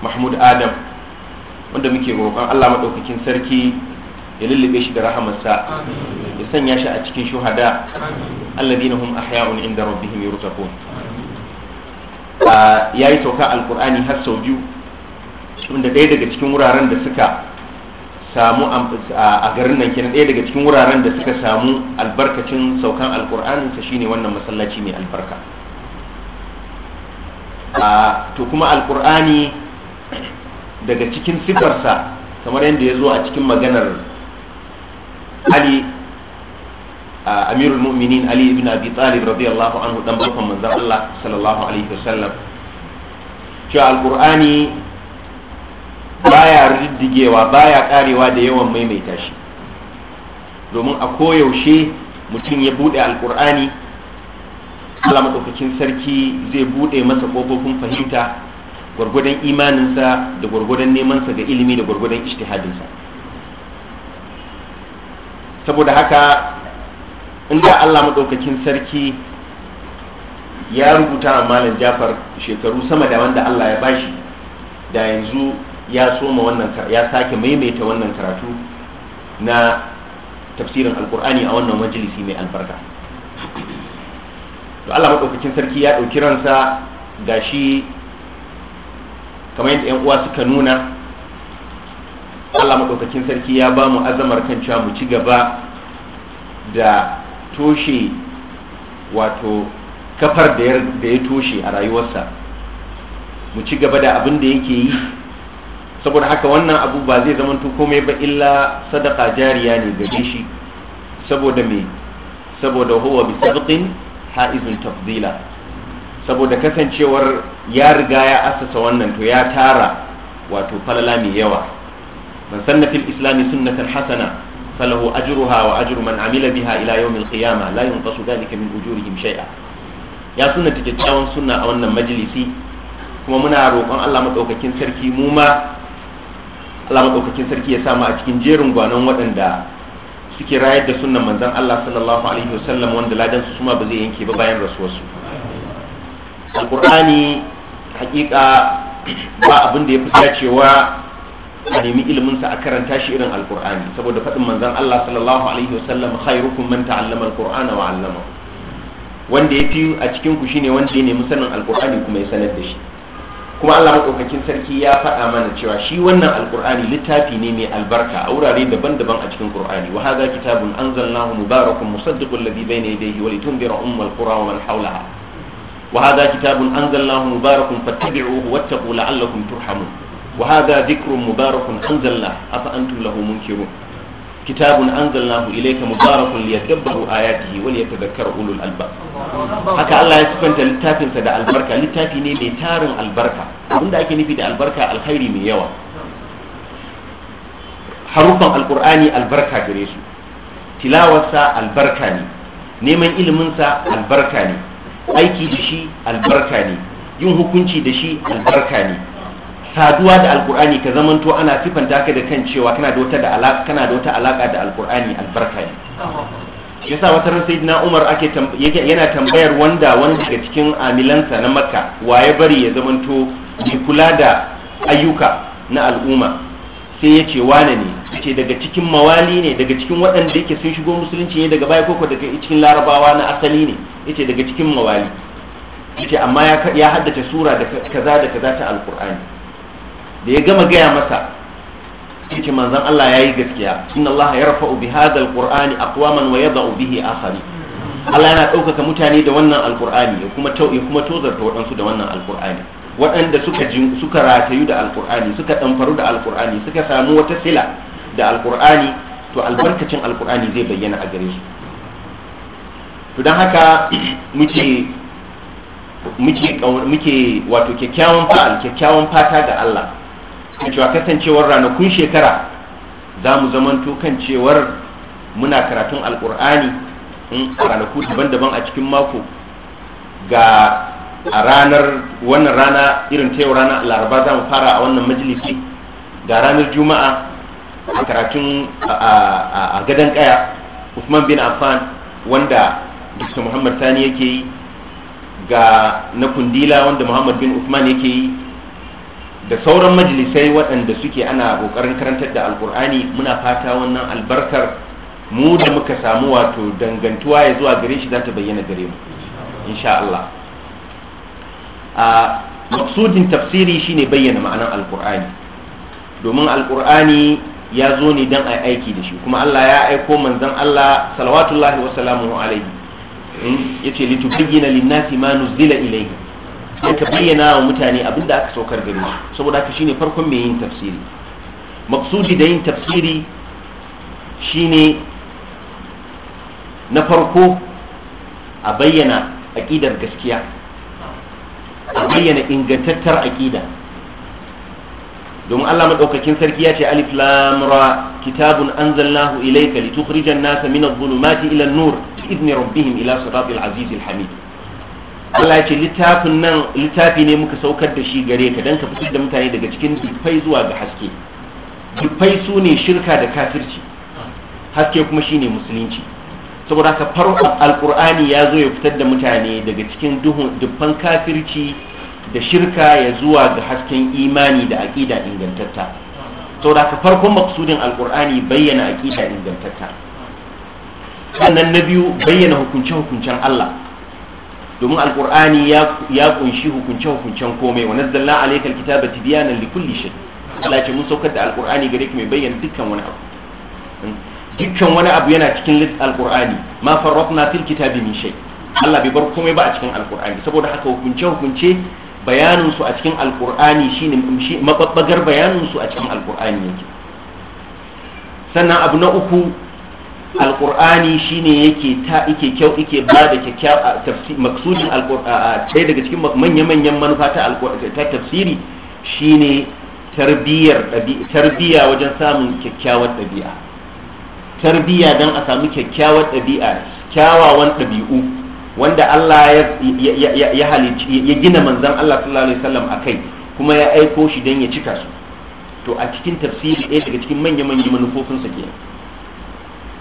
Mahmud Adam wanda muke roƙon Allah madaukakin sarki ya lullube shi da rahamarsa ya sanya shi a cikin shuhada alladina hum ahya'un inda rabbihim yurzaqun yayi sauka alqur'ani har sau biyu Inda ɗaya daga cikin wuraren da suka samu a garin nan kenan ɗaya daga cikin wuraren da suka samu albarkacin saukan alqur'ani sa shine wannan masallaci mai albarka to kuma alkur'ani daga cikin sifarsa kamar yadda ya zo a cikin maganar ali amirul mu'minin ali ibn abi talib radiyallahu anhu dan barkan manzon Allah sallallahu alaihi wasallam cewa alqur'ani baya riddigewa baya karewa da yawan maimaita shi domin a koyaushe mutum ya bude alqur'ani Allah madaukakin sarki zai bude masa kofofin fahimta gwargwadon imaninsa da gwargwadon nemansa ga ilimi da gwargwadon ijtihadinsa saboda haka inda Allah madaukakin sarki ya rubuta a malam Jafar shekaru sama da wanda Allah ya bashi da yanzu ya soma wannan ya sake maimaita wannan karatu na tafsirin alkur'ani a wannan majalisi mai albarka to Allah madaukakin sarki ya ɗauki ransa gashi kamar yadda 'yan uwa suka nuna Allah maɗaukakin sarki ya ba mu azamar kan cewa mu ci gaba da toshe wato kafar da ya toshe a rayuwarsa mu ci gaba da abin da yake yi saboda haka wannan abu ba zai zama komai ba illa sadaka jariya ne gare shi saboda me saboda huwa bi sabqin haizun tafdila saboda kasancewar ya riga ya asasa wannan to ya tara wato falala mai yawa man sanna fil islami sunnatan hasana فله أجرها وأجر من عمل بها إلى يوم القيامة لا ينقص ذلك من أجورهم شيئا يا سنة تجتاون سنة أو أن مجلسي kuma muna roƙon Allah maɗaukakin sarki mu ma Allah maɗaukakin sarki ya samu a cikin jerin gwanon waɗanda suke rayar da sunnan manzon Allah sallallahu alaihi wasallam wanda ladan su ba zai yanke ba bayan rasuwarsu alqur'ani hakika ba abin da ya fi dacewa a nemi iliminsa a karanta shi irin alkur'ani saboda faɗin manzon Allah sallallahu alaihi wasallam khairukum man ta'allama alqur'ana wa 'allama wanda yafi a cikin ku shine wanda ya nemi sanin alkur'ani kuma ya sanar da shi kuma Allah madaukakin sarki ya faɗa mana cewa shi wannan alkur'ani littafi ne mai albarka a wurare daban-daban a cikin qur'ani wa hadha kitabun anzalnahu mubarakun musaddiqul ladhi bayna yadayhi wa litunzira ummul qura wa man hawlaha wa hadha kitabun anzalnahu mubarakun fattabi'uhu wattaqu la'allakum turhamun Wahaza hadha dhikrun mubarakun anzalna afa antum lahu munkirun kitabun anzalnahu ilayka mubarakun liyadabbaru ayatihi wa liyatadhakkara ulul albab haka Allah ya sifanta littafinsa da albarka littafi ne mai tarin albarka abinda ake nufi da albarka alkhairi mai yawa Haruffan alkur'ani albarka gare su tilawarsa albarka ne neman iliminsa albarka ne aiki da shi albarka ne yin hukunci da shi albarka ne saduwa da alkur'ani ka zamanto ana sifanta ka da kan cewa kana da wata da alaka kana da wata alaka da alkur'ani albarka ne yasa wata ran na Umar ake yana tambayar wanda wanda daga cikin amilansa na Makka waye bari ya zamanto mai kula da ayyuka na al'umma sai ya ce wane ne ce daga cikin mawali ne daga cikin waɗanda yake sun shigo musulunci ne daga baya koko daga cikin larabawa na asali ne yace daga cikin mawali yace amma ya haddace sura da kaza da kaza ta alkur'ani da ya gama gaya masa yake manzon Allah ya yi gaskiya inna Allah ya rafa ubi hadha alqur'ani aqwaman wa yada'u bihi akhari Allah yana ɗaukaka mutane da wannan alqur'ani ya kuma ya kuma tozarta waɗansu da wannan alqur'ani waɗanda suka suka ratayu da alqur'ani suka ɗanfaru da alqur'ani suka samu wata sila da alqur'ani to albarkacin alkur'ani zai bayyana a gare su to don haka muke muke wato kyakkyawan fa'al kyakkyawan fata ga Allah kan cewa kasancewar ranakun shekara za mu zamanto kan cewar muna karatun alkur'ani a ranaku daban-daban a cikin mako ga a ranar wannan rana irin ta yau rana laraba za mu fara a wannan majalisi ga ranar juma'a a karatun a gadon kaya usman bin affan wanda dr muhammad sani yake yi ga na kundila wanda muhammad bin usman yake yi da sauran majalisai waɗanda suke ana ƙoƙarin karantar da alkur'ani muna fata wannan albarkar mu da muka samu wato dangantuwa ya zuwa gare shi za ta bayyana gare mu insha Allah a maksudin tafsiri shine bayyana ma'anar alkur'ani domin alkur'ani ya zo ne don a aiki da shi kuma Allah ya aiko manzon Allah salawatullahi wa salamu alaihi yace litubayyana lin-nasi ma nuzila ilayhi don ka bayyana wa mutane abin da aka saukar gare su saboda haka shine farkon mai yin tafsiri maksudi da yin tafsiri shine na farko a bayyana aƙidar gaskiya a bayyana ingantattar aƙida domin Allah maɗaukakin sarki ya ce alif lam ra kitabun anzalnahu ilayka litukhrijan nasa min adh-dhulumati ila an-nur bi idni rabbihim ila siratil azizil hamid Allah ce littafin nan littafi ne muka saukar da shi gare ka dan ka fitar da mutane daga cikin dufai zuwa ga haske dufai su ne shirka da kafirci haske kuma shine musulunci saboda ka farkon alkur'ani ya zo ya fitar da mutane daga cikin duhun dufan kafirci da shirka ya zuwa ga hasken imani da aƙida ingantatta saboda ka farkon maksudin alkur'ani bayyana aƙida ingantatta sannan na biyu bayyana hukunce-hukuncen Allah domin alkur'ani ya ƙunshi kunshi hukunce hukuncen komai wa nazzalna alayka alkitaba tibyanan likulli shay Allah ce mun saukar da alqur'ani gare ki mai bayyana dukkan wani abu hmm? dukkan wani abu yana cikin alqur'ani ma farrafna fil kitabi min shay Allah bai bar komai ba a cikin alqur'ani saboda haka hukunce hukunce bayanin su a cikin alqur'ani shine mababbagar bayanin su a cikin alkur'ani yake sannan abu na uku alkur'ani ne yake ta ike kyau ike ba da kyakkyawa tafsir maksudin alkur'ani daga cikin manya manyan manufa ta tafsiri shi ne tarbiya wajen samun kyakkyawar ɗabi'a tarbiya don a samu kyakkyawar ɗabi'a kyawawan ɗabi'u wanda Allah ya halici ya gina manzan Allah sallallahu alaihi wasallam kai, kuma ya aiko shi don ya cika su to a cikin tafsiri ɗaya daga cikin manya manyan manufofinsa kenan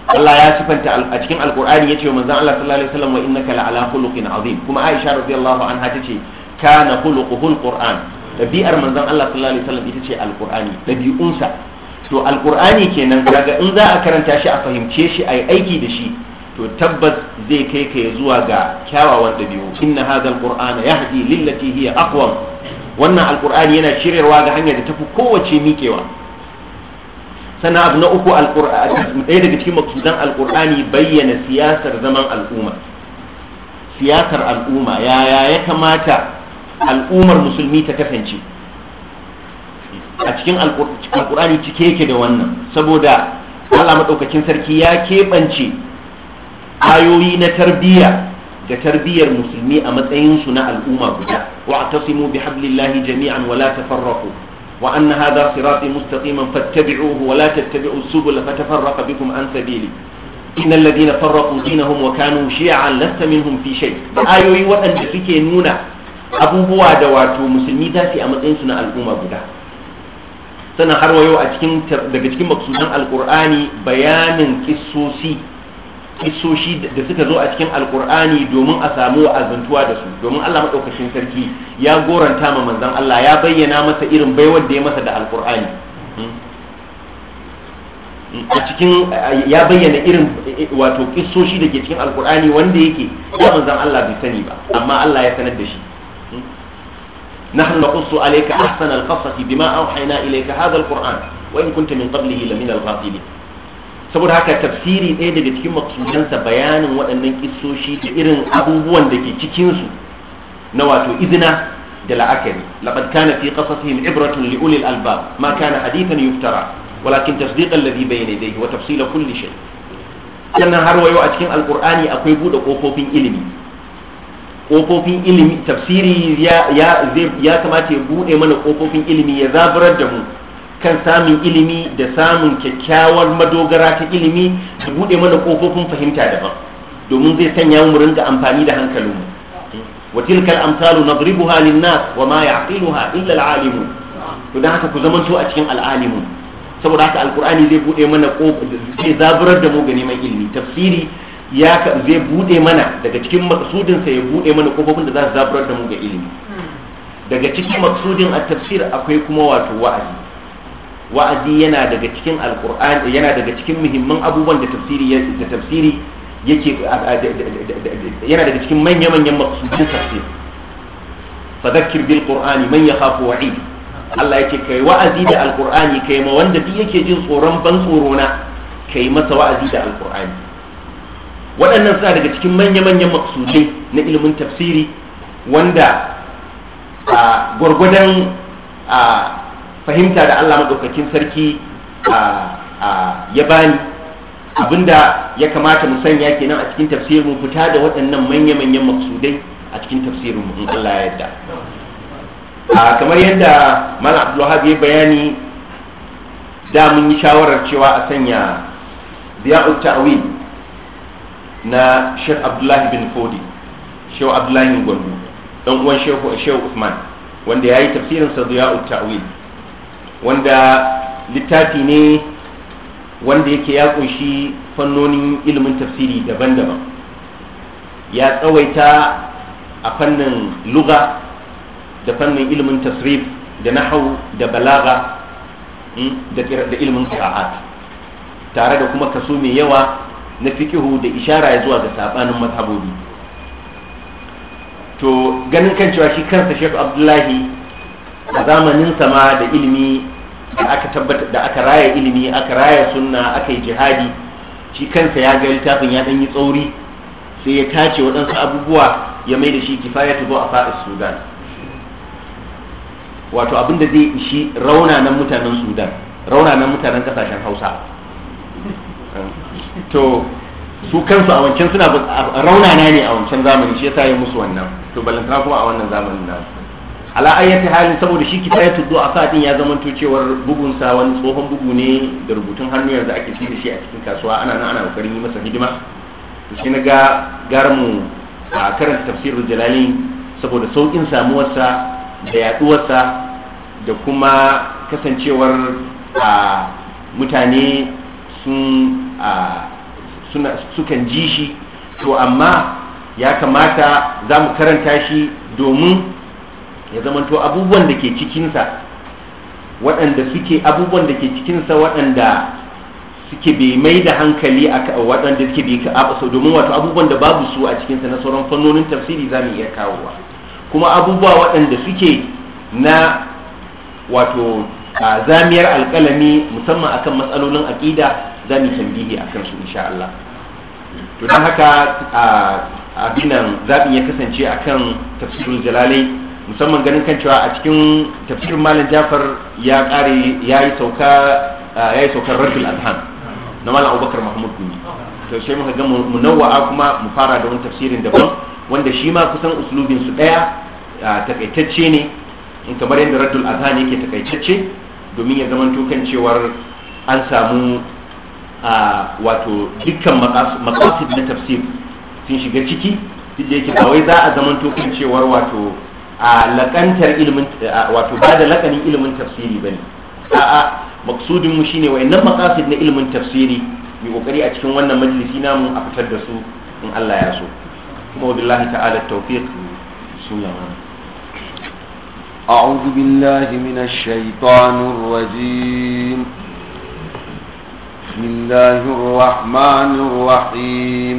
Allah ya sifanta a cikin alkur'ani ce wa manzan Allah sallallahu alaihi wasallam wa innaka khuluqin azim kuma Aisha radiyallahu anha tace kana khuluquhul qur'an dabi'ar manzan Allah sallallahu alaihi wasallam ita ce alkur'ani dabi'unsa to alkur'ani kenan daga in za a karanta shi a fahimce shi a yi aiki da shi to tabbas zai kai ka zuwa ga kyawawan dabi'u inna hadha ya yahdi lillati hiya aqwam wannan alkur'ani yana shiryarwa ga hanyar da tafi kowace miƙewa sannan abu na uku ɗaya daga cikin maksudan alƙur'ani bayyana siyasar zaman al'umma siyasar al'umma yaya ya kamata al'ummar musulmi ta kasance a cikin alƙur'ani cike yake da wannan saboda Allah maɗaukakin sarki ya keɓance ayoyi na tarbiyya ga tarbiyyar musulmi a matsayinsu na al'umma guda wa tasimu bi hablillahi jami'an wala tafarraku وأن هذا صراطي مستقيما فاتبعوه ولا تتبعوا السبل فتفرق بكم عن سبيلي إن الذين فرقوا دينهم وكانوا شيعا لست منهم في شيء آيوي وأن تفكي نونا أبو هو دواتو مسلمي ذاتي أمدين سنة الأمة بدا سنة هروا يو أتكين تب... دقتكين مقصودا القرآن بيان قصوصي kisoshi da suka zo a cikin alkur'ani domin a samu azantuwa da su domin Allah maɗaukacin sarki ya goranta ma manzan Allah ya bayyana masa irin baiwar da ya masa da alkur'ani a cikin ya bayyana irin wato kisoshi da ke cikin alkur'ani wanda yake ya manzon Allah bai sani ba amma Allah ya sanar da shi نحن نقص عليك أحسن القصة بما أوحينا إليك هذا القرآن وإن كنت من قبله لمن الغافلين saboda haka tafsiri ɗaya daga cikin maksudansa bayanin waɗannan kisoshi, da irin abubuwan da ke cikinsu na wato izina da la'akari laqad kana fi qasasihim ibratun li ulil albab ma kana hadithan yuftara walakin tasdiq alladhi bayna yadayhi wa tafsila kulli shay sannan har wayo a cikin alqur'ani akwai bude kofofin ilimi kofofin ilimi tafsiri ya ya ya kamata ya bude mana kofofin ilimi ya zabarar da mu kan samun ilimi da samun kyakkyawar madogara ta ilimi da buɗe mana ƙofofin fahimta daban domin zai sanya mu ringa amfani da mu wa tilkal amsalu nadribuha lin-nas wa ma ya'qiluha illa al to dan haka ku zamanto a cikin al saboda haka alqur'ani zai buɗe mana zai zaburar da mu ga neman ilimi tafsiri ya zai buɗe mana daga cikin sa ya buɗe mana ƙofofin da za su zaburar da mu ga ilimi daga cikin maksudin a tafsir akwai kuma wato wa'azi wa'azi yana daga cikin alqur'ani yana daga cikin muhimman abubuwan da tafsiri da tafsiri yake yana daga cikin manya manyan maqsudin tafsir fadhakkir bil qur'ani man yakhafu wa'id Allah yake kai wa'azi da alqur'ani kai ma wanda duk yake jin tsoron ban tsoro na kai masa wa'azi da alqur'ani waɗannan suna daga cikin manya manyan maqsudai na ilimin tafsiri wanda a gwargwadon a fahimta da Allah madaukakin sarki ya bani abinda ya kamata mu sanya kenan a cikin tafsirin mu fita da waɗannan manya-manyan maksudai a cikin tafsirin mu in Allah ya yarda kamar yadda malam Wahab ya bayani da mun yi shawarar cewa a sanya ziya'ul ta'wil na sheikh abdullahi bin fodi sheikh abdullahi Gondo dan uwan Sheikh shehu usman wanda yayi tafsirin sa ziya'ul ta'wil wanda littafi ne wanda yake ya kunshi fannonin ilimin tafsiri daban-daban ya tsawaita a fannin luga da fannin ilimin tasrif da nahau da balaga hmm, da ilimin qira'at tare da kuma kaso mai yawa na fikihu da ishara ya zuwa ga sabanin mazhabobi to ganin kan cewa shi kansa Sheikh Abdullahi a zamanin sama da ilimi da aka tabbatar da aka raya ilimi aka raya sunna aka yi jihadi shi kansa ya ga littafin ya ɗan yi tsauri sai ya tace waɗansu abubuwa ya mai da shi kifaya ta a faɗin sudan wato abin da zai ishi raunanan mutanen sudan raunanan mutanen kasashen hausa to su kansu a wancan suna raunana ne a wancan zamani shi sa yi musu wannan to balantana kuma a wannan zamanin nasu ala ayyati halin saboda shi kifayatu du'a fadin ya zama cewar bugun sa wani tsohon bugu ne da rubutun hannu yanzu ake fi da shi a cikin kasuwa ana nan ana kokarin yi masa hidima to shi na ga garmu a karanta tafsirul jalali saboda saukin sa da sa da kuma kasancewar a mutane sun a suna sukan ji shi to amma ya kamata za mu karanta shi domin ya zamanto abubuwan da ke cikinsa waɗanda suke abubuwan da ke cikinsa waɗanda suke bai mai da hankali a waɗanda suke bai kaɓa domin wato abubuwan da babu su a cikinsa na sauran fannonin tafsiri za mu iya kawowa kuma abubuwa waɗanda suke na wato zamiyar alƙalami musamman akan matsalolin aƙida za mu tambihi a kansu insha Allah to don haka abinan zaɓin ya kasance akan tafsirul jalalai musamman ganin kan cewa a cikin tafsirin malam jafar ya kare ya yi sauka ya yi saukar rajul adhan na malam abubakar mahmud guni to sai muka ga munawwa'a kuma mu fara da wani tafsirin daban wanda shi ma kusan uslubin su daya takaitacce ne in kamar yadda raddul adhan yake takaitacce domin ya zama tukan cewar an samu wato dukkan makasid na tafsir sun shiga ciki duk da yake ba wai za a zama tukan cewar wato a lakantar ilimin wato ba da lakanin ilimin tafsiri bane a'a maksudin mu shine wayannan maqasid na ilimin tafsiri yi kokari a cikin wannan majalisi namu a fitar da su in Allah ya so kuma billahi ta'ala tawfiq bismillah أعوذ بالله من الشيطان الرجيم بسم الله الرحمن الرحيم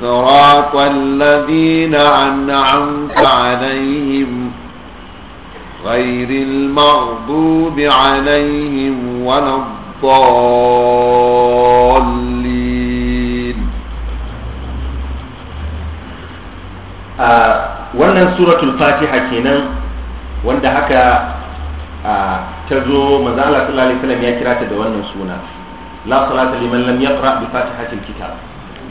صراط الذين أنعمت عليهم غير المغضوب عليهم ولا الضالين wannan suratul fatiha kenan wanda haka ta zo manzo Allah sallallahu alaihi wasallam ya kira ta da wannan suna la salata liman lam yaqra bi fatihatil kitab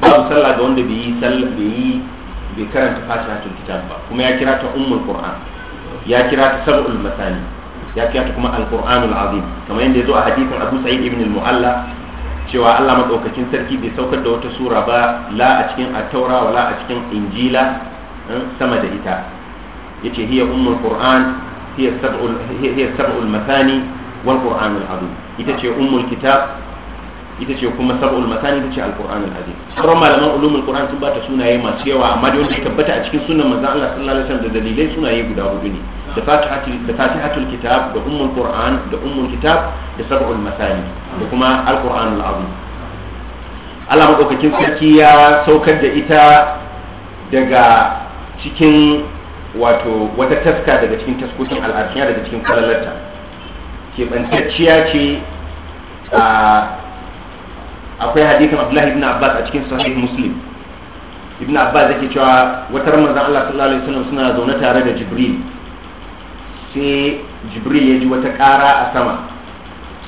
babu sallah ga wanda bai yi sallah bai yi bai karanta fatihatul kitab ba kuma ya kira ta ummul qur'an ya kira ta sab'ul masani ya kira ta kuma alqur'anul azim kamar yadda ya zo a hadisin abu sa'id ibn al-mu'alla cewa Allah madaukakin sarki bai saukar da wata sura ba la a cikin at-taura wala a cikin injila eh, sama da ita yace hiya ummul qur'an hiya sab'ul hiya sab'ul masani wal qur'anul azim ita ce ummul kitab ita ce kuma sab'ul matani ita ce alqur'anul azim sauran malaman ulumul qur'an sun bata sunaye masu yawa amma da wanda ya tabbata a cikin sunan manzon Allah sallallahu alaihi wasallam da dalilai sunaye guda hudu ne da fatihatul da fatihatul kitab da ummul qur'an da ummul kitab da sab'ul matani da kuma alqur'anul azim Allah madaukakin sarki ya saukar da ita daga cikin wato wata taska daga cikin taskokin al'adun daga cikin falalarta bantacciya ce a akwai hadisin abdullahi ibn abbas a cikin sahih muslim ibn abbas yake cewa wata manzon Allah sallallahu alaihi wasallam suna zaune tare da jibril sai jibril ya ji wata ƙara a sama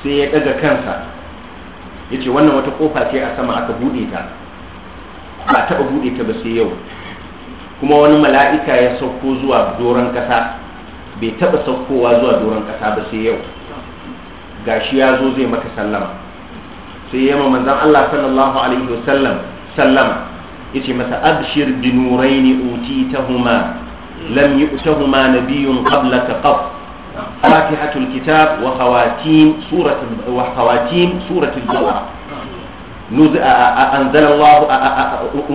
sai ya ɗaga kansa ya ce wannan wata kofa ce a sama aka buɗe ta ba taɓa buɗe ta ba sai yau kuma wani mala'ika ya sauko zuwa doron ƙasa bai taɓa saukowa zuwa doron ƙasa ba sai yau gashi ya zo zai maka sallama sai ya ma manzon Allah sallallahu alaihi wasallam sallama yace masa abshir bi nuraini utitahuma lam yu'tahuma nabiyyun qablaka qat فاتحة الكتاب وخواتيم suratul وخواتيم سورة البقرة أنزل الله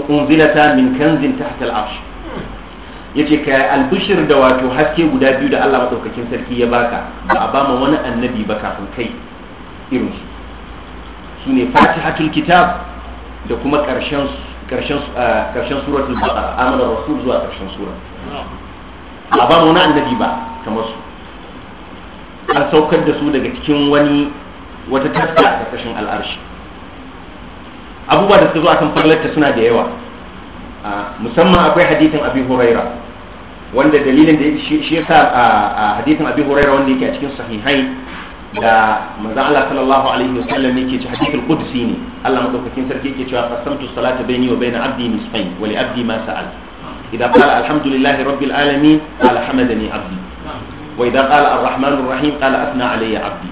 أنزلتا من كنز تحت العرش yace ka albishir da wato haske guda biyu da Allah madaukakin sarki ya baka ba a bama wani annabi ba kafin kai irinsu su ne fatihatul kitab da kuma ƙarshen ah, suratul amalar rasul zuwa ƙarshen sura a ba wani annabi ba kamar su an saukar da su daga cikin wani wata taska a ƙarƙashin al'arshi abubuwa da suka zo a kan farlarta suna da yawa ah, musamman akwai hadithin abin huraira wanda dalilin da shi yasa a ah, hadithin abi huraira wanda yake a cikin sahihain da manzon Allah sallallahu alaihi wasallam yake ci hadithul qudsi ne Allah madaukakin sarki yake cewa qasamtu salata baini wa baina abdi nisfain wa li abdi ma sa'al idza qala alhamdulillahi rabbil alamin qala hamadani abdi wa idza qala arrahmanur rahim qala athna alayya abdi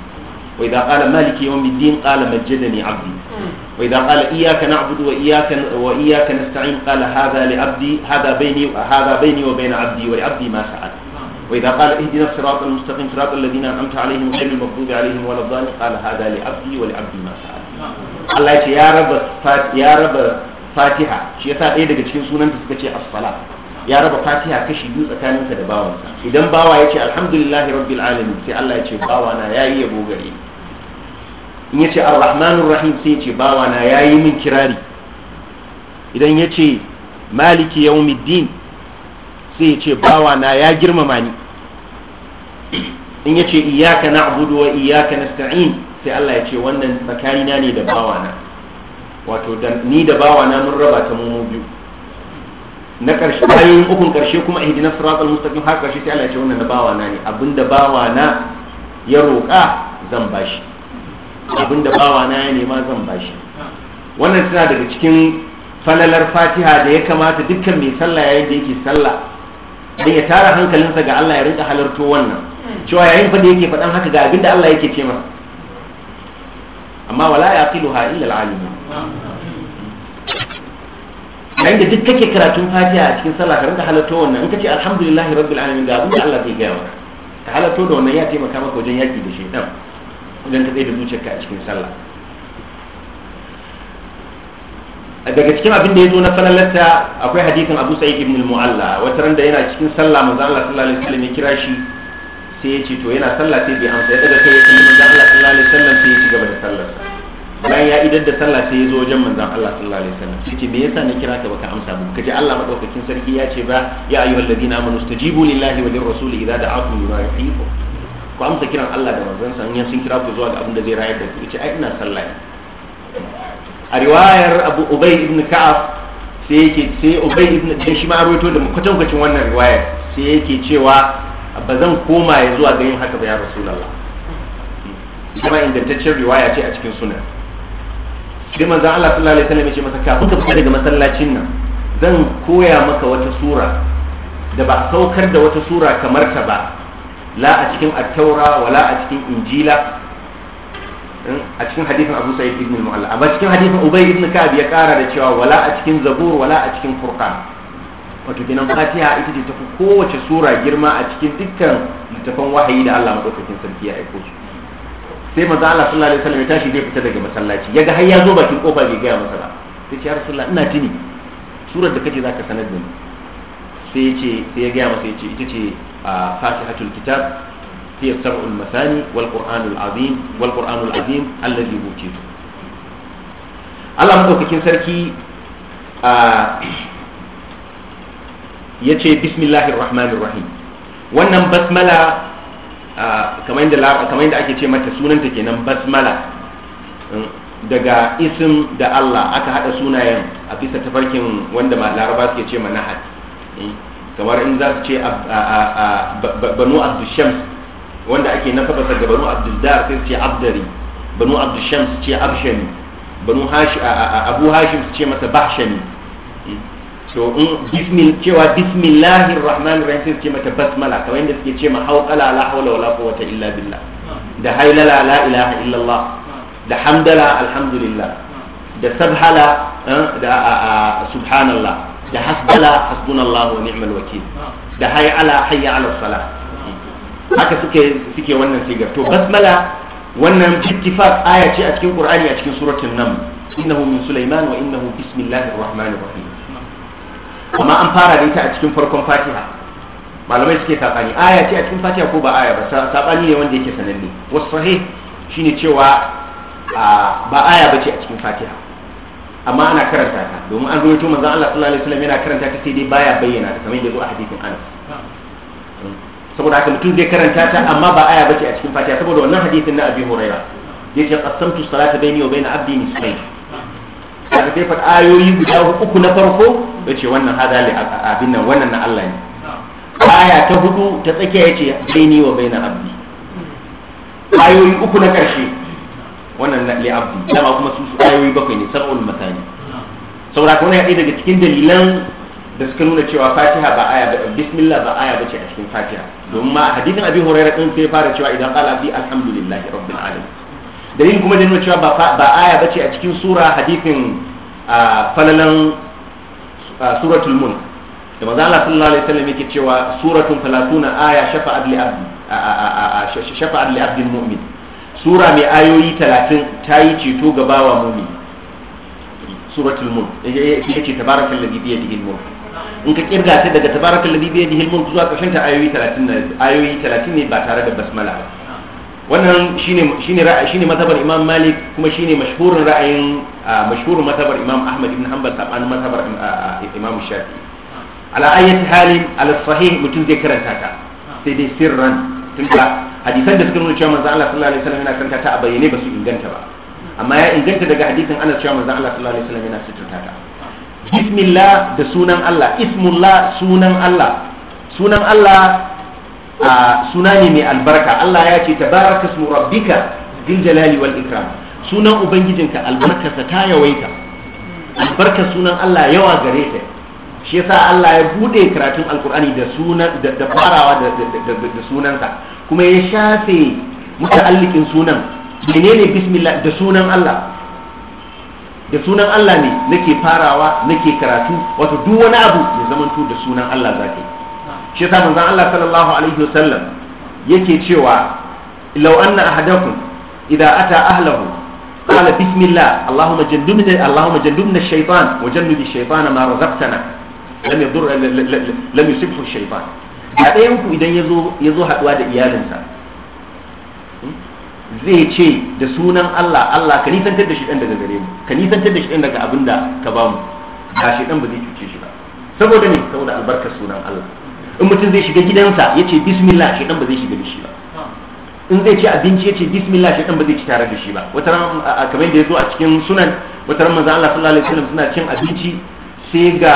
وإذا قال مالك يوم الدين قال مجدني عبدي وإذا قال إياك نعبد وإياك وإياك نستعين قال هذا لعبدي هذا بيني هذا بيني وبين عبدي ولعبدي ما سأل وإذا قال اهدنا الصراط المستقيم صراط الذين أنعمت عليهم غير المغضوب عليهم ولا الضالين قال هذا لعبدي ولعبدي ما سأل الله يا رب يا رب فاتحة شيء يسا ɗaya daga cikin sunan da suka ce as-sala ya raba fatiha kashi biyu tsakaninsa da bawansa idan bawa ya ce alhamdulillahi rabbil alamin sai Allah ya ce bawa na yayi yabo gare in ya ce ar-rahmanur rahim sai ya ce bawa na yayi min kirari idan ya ce maliki yawmiddin sai ya ce bawa na ya girmama ni in ya ce iyaka na abudu wa iyaka sta'in sai Allah ya ce wannan tsakanina ne da bawa na wato ni da bawa na mun raba ta mu biyu na ƙarshe ayoyin ukun ƙarshe kuma ihdinas al mustaqim har ƙarshe sai Allah ya ce wannan da bawa na ne abinda bawa na ya roƙa zan bashi abinda bawa na ya nema zan bashi wannan tana daga cikin falalar fatiha da ya kamata dukkan mai sallah yayin da yake sallah dan ya tara hankalinsa ga Allah ya rinka halarto wannan cewa yayin fa da yake faɗan haka ga abinda Allah yake ce masa amma wala yaqiluha illa alim da duk kake karatun fatiha a cikin sallah ka rinka halarto wannan in kace alhamdulillahi rabbil alamin ga abinda Allah zai gaya ka halarto da wannan ya taimaka maka wajen yaki da shaytan wajen ta da zuciyarka a cikin sallah daga cikin abin da ya zo na falalarta akwai hadisin abu sa'id ibn mu'alla wata ran da yana cikin sallah manzo Allah sallallahu alaihi wasallam ya kira shi sai ya ce to yana sallah sai bai amsa ya daga kai ya kalli manzo Allah sallallahu alaihi wasallam sai ya ci gaba da sallar bayan ya idar da sallah sai ya zo wajen manzo Allah sallallahu alaihi wasallam shi ce me yasa na kira ka baka amsa ba kaje Allah madaukakin sarki ya ce ba ya ladina amanu stajibu lillahi wa lirrasuli idza da'akum lima yuhibbu ku amsa kiran Allah da manzon sa in sun kira ku zuwa ga abin da zai rayar da ku ce ai ina sallah a riwayar abu ubay ibn Ka'af sai yake sai ubay ibn dan shi ma rawaito da kwatankwacin wannan riwayar sai yake cewa ba zan koma ya zuwa ga yin haka ba ya rasulullah kuma ingantaccen riwaya ce a cikin sunan sai manzon Allah sallallahu alaihi wasallam ya ce masa kafin ka fita daga masallacin nan zan koya maka wata sura da ba saukar da wata sura kamar ta ba la a cikin attaura wala a cikin injila a cikin hadisin Abu Sa'id ibn al-Mu'alla a cikin hadisin Ubay ibn Ka'ab ya kara da cewa wala a cikin Zabur wala a cikin Furqan wato kenan Fatiha ita ce tafi kowace sura girma a cikin dukkan littafan wahayi da Allah madaukakin sarki ya aiko shi. sai manzo Allah sallallahu alaihi wasallam ya tashi zai fita daga masallaci yaga har ya zo bakin kofa bai gaya masa ba sai ya Rasulullah ina tuni surar da kake zaka sanar da ni sai ya ce sai ya gaya masa ya ce ita ce ah, Fatihatul Kitab هي السبع المثاني والقران العظيم والقران العظيم الذي أوتيته الله مدوكين سركي yace الله rahmanir rahim wannan basmala kamar yadda kamar inda ake ce mata sunanta kenan basmala daga isim da Allah aka hada sunayen a bisa tafarkin wanda laraba suke ce manahad kamar in za su ce banu abdushams wanda ake nasaba ga banu abduldar sai su ce abdari banu abdusham su ce abshami banu abu hashim su ce masa bahshami to in bismil cewa bismillahir rahmanir rahim sai su ce mata basmala kamar yadda suke ce ma hawqala la hawla wala quwwata illa billah da hailala la ilaha allah da hamdala alhamdulillah da sabhala eh, da subhanallah da hasbala hasbunallahu wa ni'mal wakil da hayya ala hayya ala salah haka suke suke wannan sigar to basmala wannan ittifaq aya ce a cikin qur'ani a cikin suratul nam innahu min sulaiman wa innahu bismillahir rahmanir rahim amma an fara da ita a cikin farkon fatiha malamai suke sabani aya ce a cikin fatiha ko ba aya ba sabani ne wanda yake sananne wasu sahih shine cewa ba aya ba ce a cikin fatiha amma ana karanta ta domin an rawaito manzon Allah sallallahu alaihi wasallam yana karanta ta sai dai baya bayyana ta kamar yadda zo a hadisin Anas saboda haka mutum zai karanta ta amma ba aya bace a cikin fatiha saboda wannan hadisin na abi huraira yace qasamtu salata baini wa baina abdi nisfayn kaga dai fat ayoyi guda uku na farko yace wannan hada li abin nan wannan na Allah ne aya ta hudu ta tsakiya yace baini wa baina abdi ayoyi uku na karshe wannan na li abdi dama kuma su ayoyi bakwai ne sabon matani saboda kuma ya daga cikin dalilan da suka nuna cewa fatiha ba aya ba bismillah ba aya bace a cikin fatiha domin ma hadisin abi hurairah din sai fara cewa idan qala bi alhamdulillahi rabbil alamin dalilin kuma da nuna cewa ba ba aya bace a cikin sura hadisin falalan suratul mulk da manzo Allah sallallahu alaihi wasallam yake cewa suratun 30 aya shafa'at li abdi shafa'at li abdi mu'min sura mai ayoyi 30 ta yi ceto ga bawa mu'min suratul mulk yake tabarakal ladhi bi yadihi mulk in ka kirga ta daga tabarakal ladhi bi yadihi al-mulk zuwa kashin ta ayoyi 30 ayoyi 30 ne ba tare da basmala ba wannan shine shine ra'ayi shine mazhabar Imam Malik kuma shine mashhurin ra'ayin mashhurin mazhabar Imam Ahmad ibn Hanbal sabanin mazhabar Imam shafi. ala ayyati halin ala sahih mutum zai karanta ta sai dai sirran tunda hadisan da suka nuna cewa manzo Allah sallallahu alaihi wasallam yana karanta ta a bayyane ba su inganta ba amma ya inganta daga hadisin Anas cewa manzo Allah sallallahu alaihi wasallam yana sirrata ta bismillah da sunan Allah ismullah sunan Allah sunan Allah a suna ne mai albarka Allah ya ce tabaraka ismu rabbika dil jalali wal ikram sunan ubangijinka albarkarsa ta yawaita albarka sunan Allah yawa gare ta shi yasa Allah ya bude karatun alkur'ani da sunan da farawa da sunansa kuma ya shafe muta'alliqin sunan menene bismillah da sunan Allah da sunan Allah ne nake farawa nake karatu wato duk wani abu ya zamanto da sunan Allah zaka shi yasa manzon Allah sallallahu alaihi wasallam yake cewa law anna ahadakum idza ata ahlahu qala bismillah allahumma jannibna allahumma jannibna ash-shaytan wa jannibi ash-shaytana ma razaqtana lam yadur lam yusibhu shaytan a ɗayan ku idan yazo yazo haduwa da iyalinsa zai ce da sunan Allah Allah ka nisantar da shi ɗan daga gare mu ka nisantar da shi ɗan daga da ka ba mu ba shi ɗan ba zai cuce shi ba saboda ne saboda albarkar sunan Allah in mutum zai shiga gidansa ya ce bismillah shi ɗan ba zai shiga da shi ba in zai ci abinci ya ce bismillah shi ɗan ba zai ci tare da shi ba wata ran kamar yadda ya zo a cikin sunan wata ran manzo Allah sallallahu alaihi wasallam suna cin abinci sai ga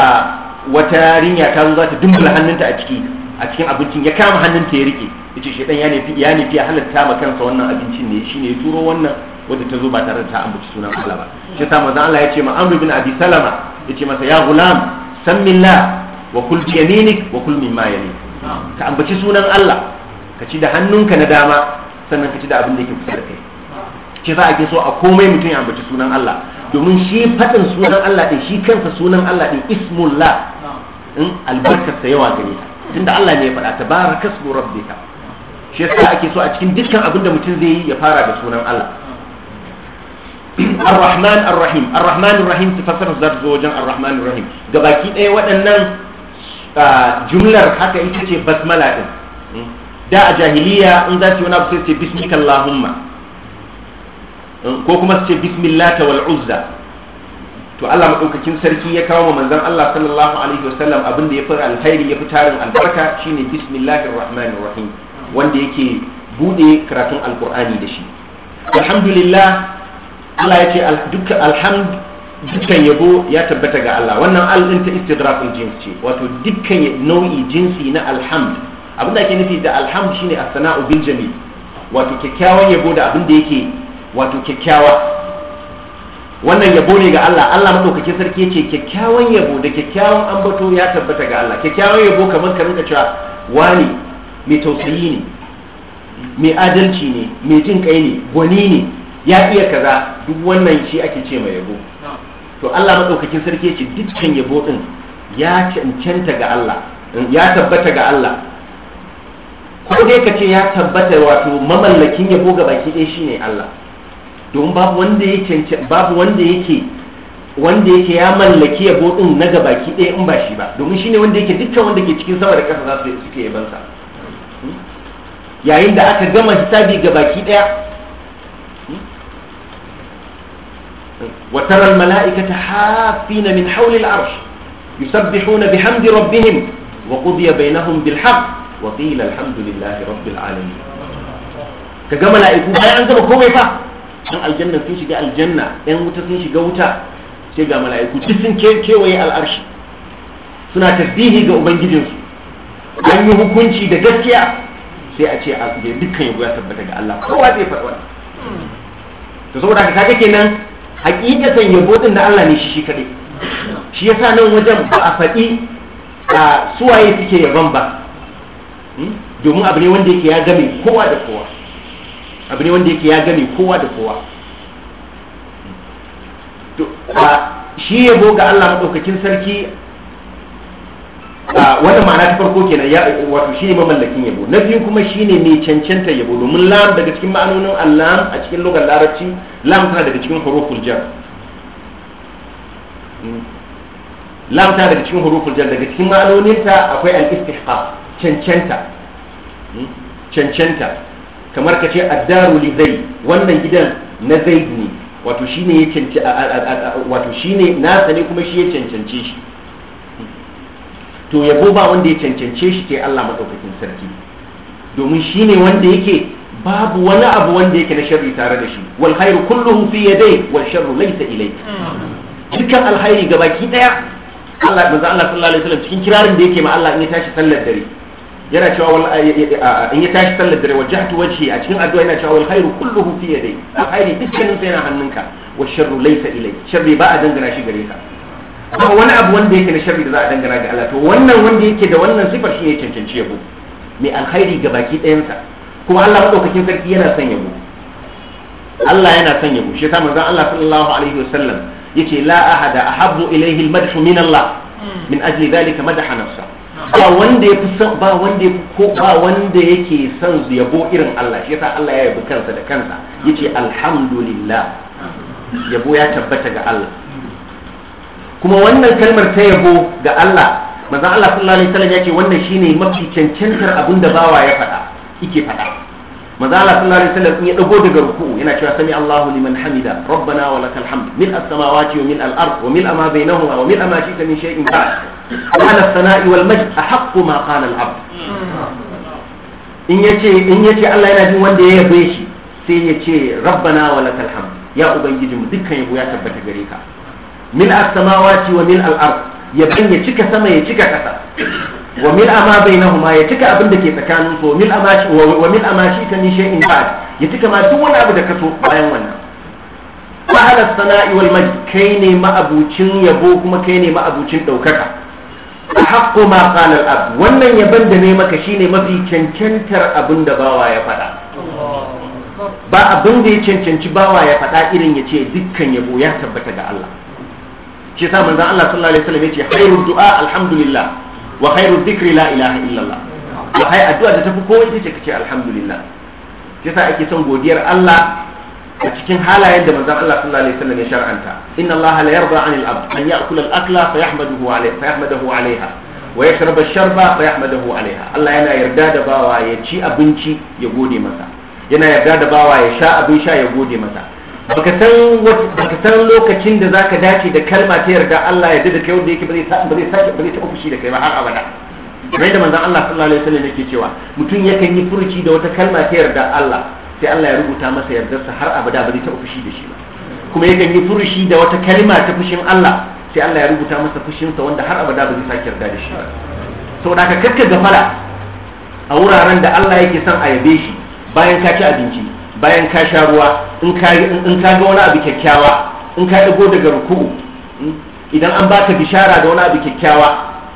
wata yarinya ta zo za ta dumbula hannunta a ciki a cikin abincin ya kama hannunta ya rike yace dan ya nufi ya nufi ya halatta ma kansa wannan abincin ne shine ya turo wannan wanda ta zo ba tare da ta ambaci sunan Allah ba hmm. shi ta manzo Allah ya ce ma Amr ibn Abi Salama yace masa ya gulam sammillah wa kul yane yaminik wa kul mimma yaminik hmm. ka ambaci sunan Allah ka ci da hannunka na dama sannan ka ci da abin da yake kusa da kai hmm. shi za a ke so a komai mutum ya ambaci sunan Allah domin shi faɗin sunan Allah ɗin shi kansa sunan Allah ɗin ismullah in albarkar sa yawa gare ta tunda Allah ne ya faɗa tabaraka ismu rabbika shi yasa ake so a cikin dukkan abin da mutum zai yi ya fara da sunan Allah Ar-Rahman Ar-Rahim Ar-Rahman Ar-Rahim tafsirin zata zo wajen Ar-Rahman Ar-Rahim gabaki ɗaya waɗannan jumlar haka ita ce basmala din da a jahiliya in za su yi wani abu sai ce bismika Allahumma ko kuma su ce bismillata wal uzza to Allah madaukakin sarki ya kawo ma manzon Allah sallallahu alaihi wasallam abin da ya fi alkhairi ya fi tarin albarka shine bismillahir rahmanir rahim wanda yake bude karatun alkur'ani da shi alhamdulillah Allah ya ce dukkan alhamd dukkan yabo ya tabbata ga Allah wannan al din ta istighraqul jins ce wato dukkan nau'i jinsi na alhamd abinda ake nufi da alhamd shine as-sana'u bil jamil wato kyakkyawan yabo da abin da yake wato kyakkyawa wannan yabo ne ga Allah Allah madaukakin sarki yace kyakkyawan yabo da kyakkyawan ambato ya tabbata ga Allah kyakkyawan yabo kamar ka rinka cewa wani mai tausayi ne mai adalci ne mai jin kai ne gwani ne ya iya kaza duk wannan shi ake ce mai yabo to Allah madaukakin sarki ya ce dukkan yabo din ya cancanta ga Allah ya tabbata ga Allah ko dai ka ce ya tabbata wato mamallakin yabo ga baki ɗaya shine Allah don babu wanda ya cancanta babu wanda yake wanda yake ya mallaki yabo din na gabaki ɗaya in ba shi ba domin shine wanda yake dukkan wanda ke cikin sama da ƙasa za su suke yabansa yayin da aka gama hisabi ga baki ɗaya. wa tara al mala'ikata hafina min hawli al arsh yusabbihuna bihamdi rabbihim wa qudiya bainahum bil haqq wa qila alhamdulillahi rabbil alamin ka gama mala'iku bayan an gama komai fa dan aljanna sun shiga aljanna yan wuta sun shiga wuta sai ga mala'iku duk kewaye al arshi suna tasbihi ga ubangijinsu an yi hukunci da gaskiya sai a ce a dukkan yabo ya tabbata ga Allah kowa zai faɗa wannan to saboda haka kaga kenan hakikatan yabo din da Allah ne shi shi kadai shi yasa nan wajen ba a faɗi a suwaye suke yaban ba hmm? domin abu ne wanda yake ya game kowa da kowa abu ne wanda yake ya game kowa da kowa to shi yabo ga Allah madaukakin sarki Ah, wannan ma'ana ta farko kenan ya wato shine mamallakin yabo na biyu kuma shine mai cancanta yabo domin lam daga cikin ma'anonin allam a cikin lugar larabci lam ta daga cikin huruful jar hmm. lam ta daga cikin huruful jar daga cikin ma'anonin ta akwai al-istihqaq cancanta hmm. cancanta kamar ka ce daru li zai wannan gidan na zaid ne wato shine ya cancanta wato shine nasa ne kuma shi ya cancance shi to yabo ba wanda ya cancance shi ke Allah madaukakin sarki domin shi ne wanda yake babu wani abu wanda yake na sharri tare da shi wal khairu kulluhu fi yadayhi wal sharru laysa ilayk dukkan alkhairi gabaki daya Allah manzo Allah sallallahu alaihi wasallam cikin kirarin da yake ma Allah in ya tashi sallar dare yana cewa wal in ya tashi sallar dare wajhtu wajhi a cikin addu'a yana cewa wal khairu kulluhu fi yadayhi alkhairi dukkanin sa yana hannunka wal sharru laysa ilayk sharri ba a dangana shi gare ka ba wani abu wanda yake na sharri da za a dangana ga Allah to wannan wanda yake da wannan sifar shine cancanci yabo mai alkhairi ga baki ɗayansa kuma Allah madaukakin sarki yana son yabo Allah yana son yabo shi yasa manzon Allah sallallahu alaihi wasallam yace la ahada ahabbu ilayhi almadhu min Allah min ajli dhalika madaha nafsa ba wanda ya fi son ba wanda ya ko ba wanda yake son yabo irin Allah shi yasa Allah ya yabi kansa da kansa yace alhamdulillah yabo ya tabbata ga Allah kuma wannan kalmar ta yabo ga Allah maza Allah sallallahu alaihi wasallam ya ce wannan shine mafi cancantar abin da bawa ya faɗa yake faɗa maza Allah sallallahu alaihi wasallam in ya dago daga ruku'u yana cewa sami Allahu liman hamida rabbana wa lakal hamd mil as-samawati wa mil al-ard wa mil ma bainahuma wa mil ma shi'ta min shay'in ba wa ala as-sana'i wal majd ahqqu ma qala al-abd in yace in yace Allah yana jin wanda ya yabe shi sai ya ce rabbana wa lakal hamd ya ubangijinmu dukkan yabo ya tabbata gare ka min as ce wa min ya ya cika sama ya cika kasa wa min ama bainahuma ya cika abin da ke tsakanin su wa min ama shi ta min shay'in ba'd ya cika ma duk wani abu da ka so bayan wannan fa'ala sana'i wal majd kai ne ma'abucin yabo kuma kai ne ma'abucin daukaka haqqu ma qala abu. wannan yaban da ne maka shine mafi cancantar abin da bawa ya faɗa ba abin da ya cancanci bawa ya faɗa irin ya ce dukkan yabo ya tabbata ga Allah shi yasa manzon Allah sallallahu alaihi wasallam yace khairu du'a alhamdulillah wa khairu dhikri la ilaha illallah wa hay addu'a da tafi kowa ita ce kace alhamdulillah shi yasa ake son godiyar Allah a cikin halayen da manzan Allah sallallahu alaihi wasallam ya shar'anta inna Allah la yarda 'anil abd an ya'kula al-akla fa yahmaduhu 'alayha fa yahmaduhu 'alayha wa yashrab ash-sharba fa yahmaduhu 'alayha Allah yana yarda da bawa ya ci abinci ya gode masa yana yarda da bawa ya sha abin sha ya gode masa baka san lokacin da zaka dace da kalma ta yarda Allah ya da kai wanda yake ba zai ba zai sake ba zai taɓa fushi da kai ba har abada kamar da manzon Allah sallallahu alaihi wasallam yake cewa mutum yakan yi furuci da wata kalma ta yarda Allah sai Allah ya rubuta masa yardarsa har abada ba zai taɓa fushi da shi ba kuma yakan yi furuci da wata kalma ta fushin Allah sai Allah ya rubuta masa fushinsa wanda har abada ba zai sake yarda da shi ba saboda ka kakka gafara a wuraren da Allah yake son a yabe shi bayan ka ci abinci bayan ka sha ruwa in ka ga wani abu kyakkyawa in ka ɗago daga ruku'u idan an baka bishara da wani abu kyakkyawa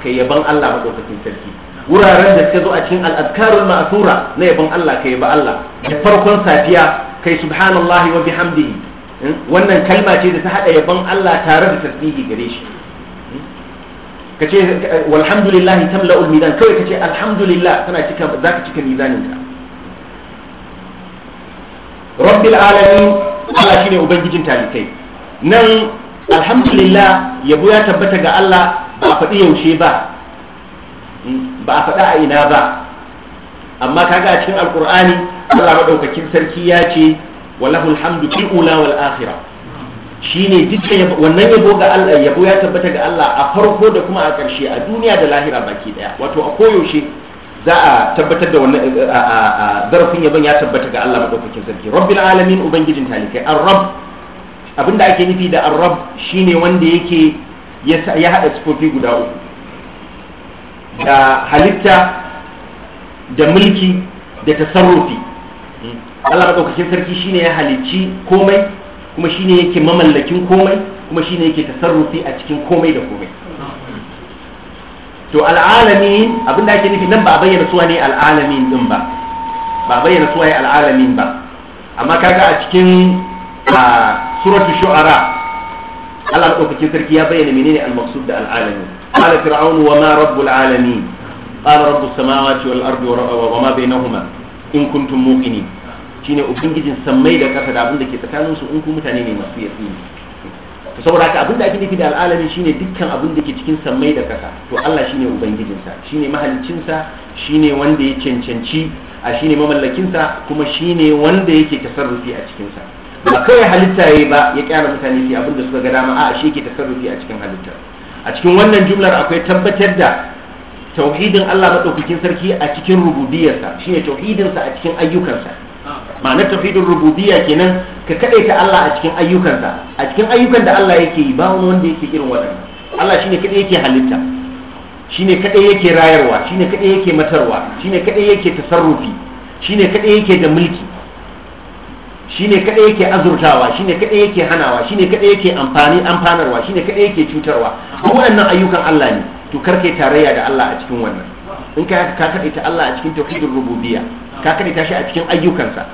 ka yaban Allah madaukakin sarki wuraren da suka zo a cikin al'adkarun ma'asura na yaban Allah ka yaba Allah da farkon safiya kai subhanallah wa bihamdihi hmm? wannan kalma ce da ta haɗa yaban Allah tare da tasbihi gare shi hmm? kace walhamdulillahi tamla'ul midan kawai kace alhamdulillah kana cika zaka cika mizaninka rabbil alamin Allah shine ubangijin talikai nan alhamdulillah yabo ya tabbata ga Allah ba a faɗi yaushe ba ba a faɗa a ina ba amma kaga a cikin alkur'ani Allah maɗaukakin sarki ya ce walahu alhamdu fil ula wal akhirah shine dukkan wannan yabo ga Allah yabo ya tabbata ga Allah a farko da kuma a ƙarshe a duniya da lahira baki daya wato a koyaushe za a tabbatar da wannan zarafin yaban ya tabbata ga Allah maɗaukakin sarki rabbil alamin ubangijin talikai an rab abinda ake nufi da ar shine wanda yake ya haɗa sifofi guda uku da halitta da mulki da tasarrufi Allah maɗaukakin sarki shine ya halicci komai kuma shine yake mamallakin komai kuma shine yake tasarrufi a cikin komai da komai to al'alami, abin da ake nufi nan ba a bayyana suwa ne al'alamin din ba ba a bayyana suwa ne al'alamin ba amma kaga a cikin suratu shu'ara Allah ɗaukakin sarki ya bayyana menene al-maqsud da al'alami qala fir'aunu wa ma rabbul alamin qala rabbus samawati wal ardi wa ma bainahuma in kuntum muqinin shine ubangijin sammai da kasa da abin da ke tsakaninsu in ku mutane ne masu yaqini to saboda haka abinda ake nufi da al'alami shine dukkan abin da ke cikin sammai da kasa to Allah shine ubangijinsa shine mahaliccinsa shine wanda ya cancanci a shine mamallakinsa kuma shine wanda yake tasarrufi a cikinsa ba kawai halitta yayi ba ya kyara mutane shi abin da suka ga dama a'a shi yake tasarrufi a cikin halitta a cikin wannan jumlar akwai tabbatar da tauhidin Allah madaukakin sarki a cikin rububiyarsa shine tauhidinsa a cikin ayyukansa ma'anar tafidin rububiyya kenan ka kaɗai ta Allah a cikin ayyukansa a cikin ayyukan da Allah yake yi ba wani wanda yake irin waɗannan Allah shine kaɗai yake halitta shine kaɗai yake rayarwa shine kaɗai yake matarwa shine kaɗai yake tasarrufi shine kaɗai yake da mulki shine kaɗai yake azurtawa shine kaɗai yake hanawa shine kaɗai yake amfani amfanarwa shine kaɗai yake cutarwa duk waɗannan ayyukan Allah ne to karkai tarayya da Allah a cikin wannan in ka haka ka kaɗaita Allah a cikin tauhidin rububiyya ka kaɗaita shi a cikin ayyukansa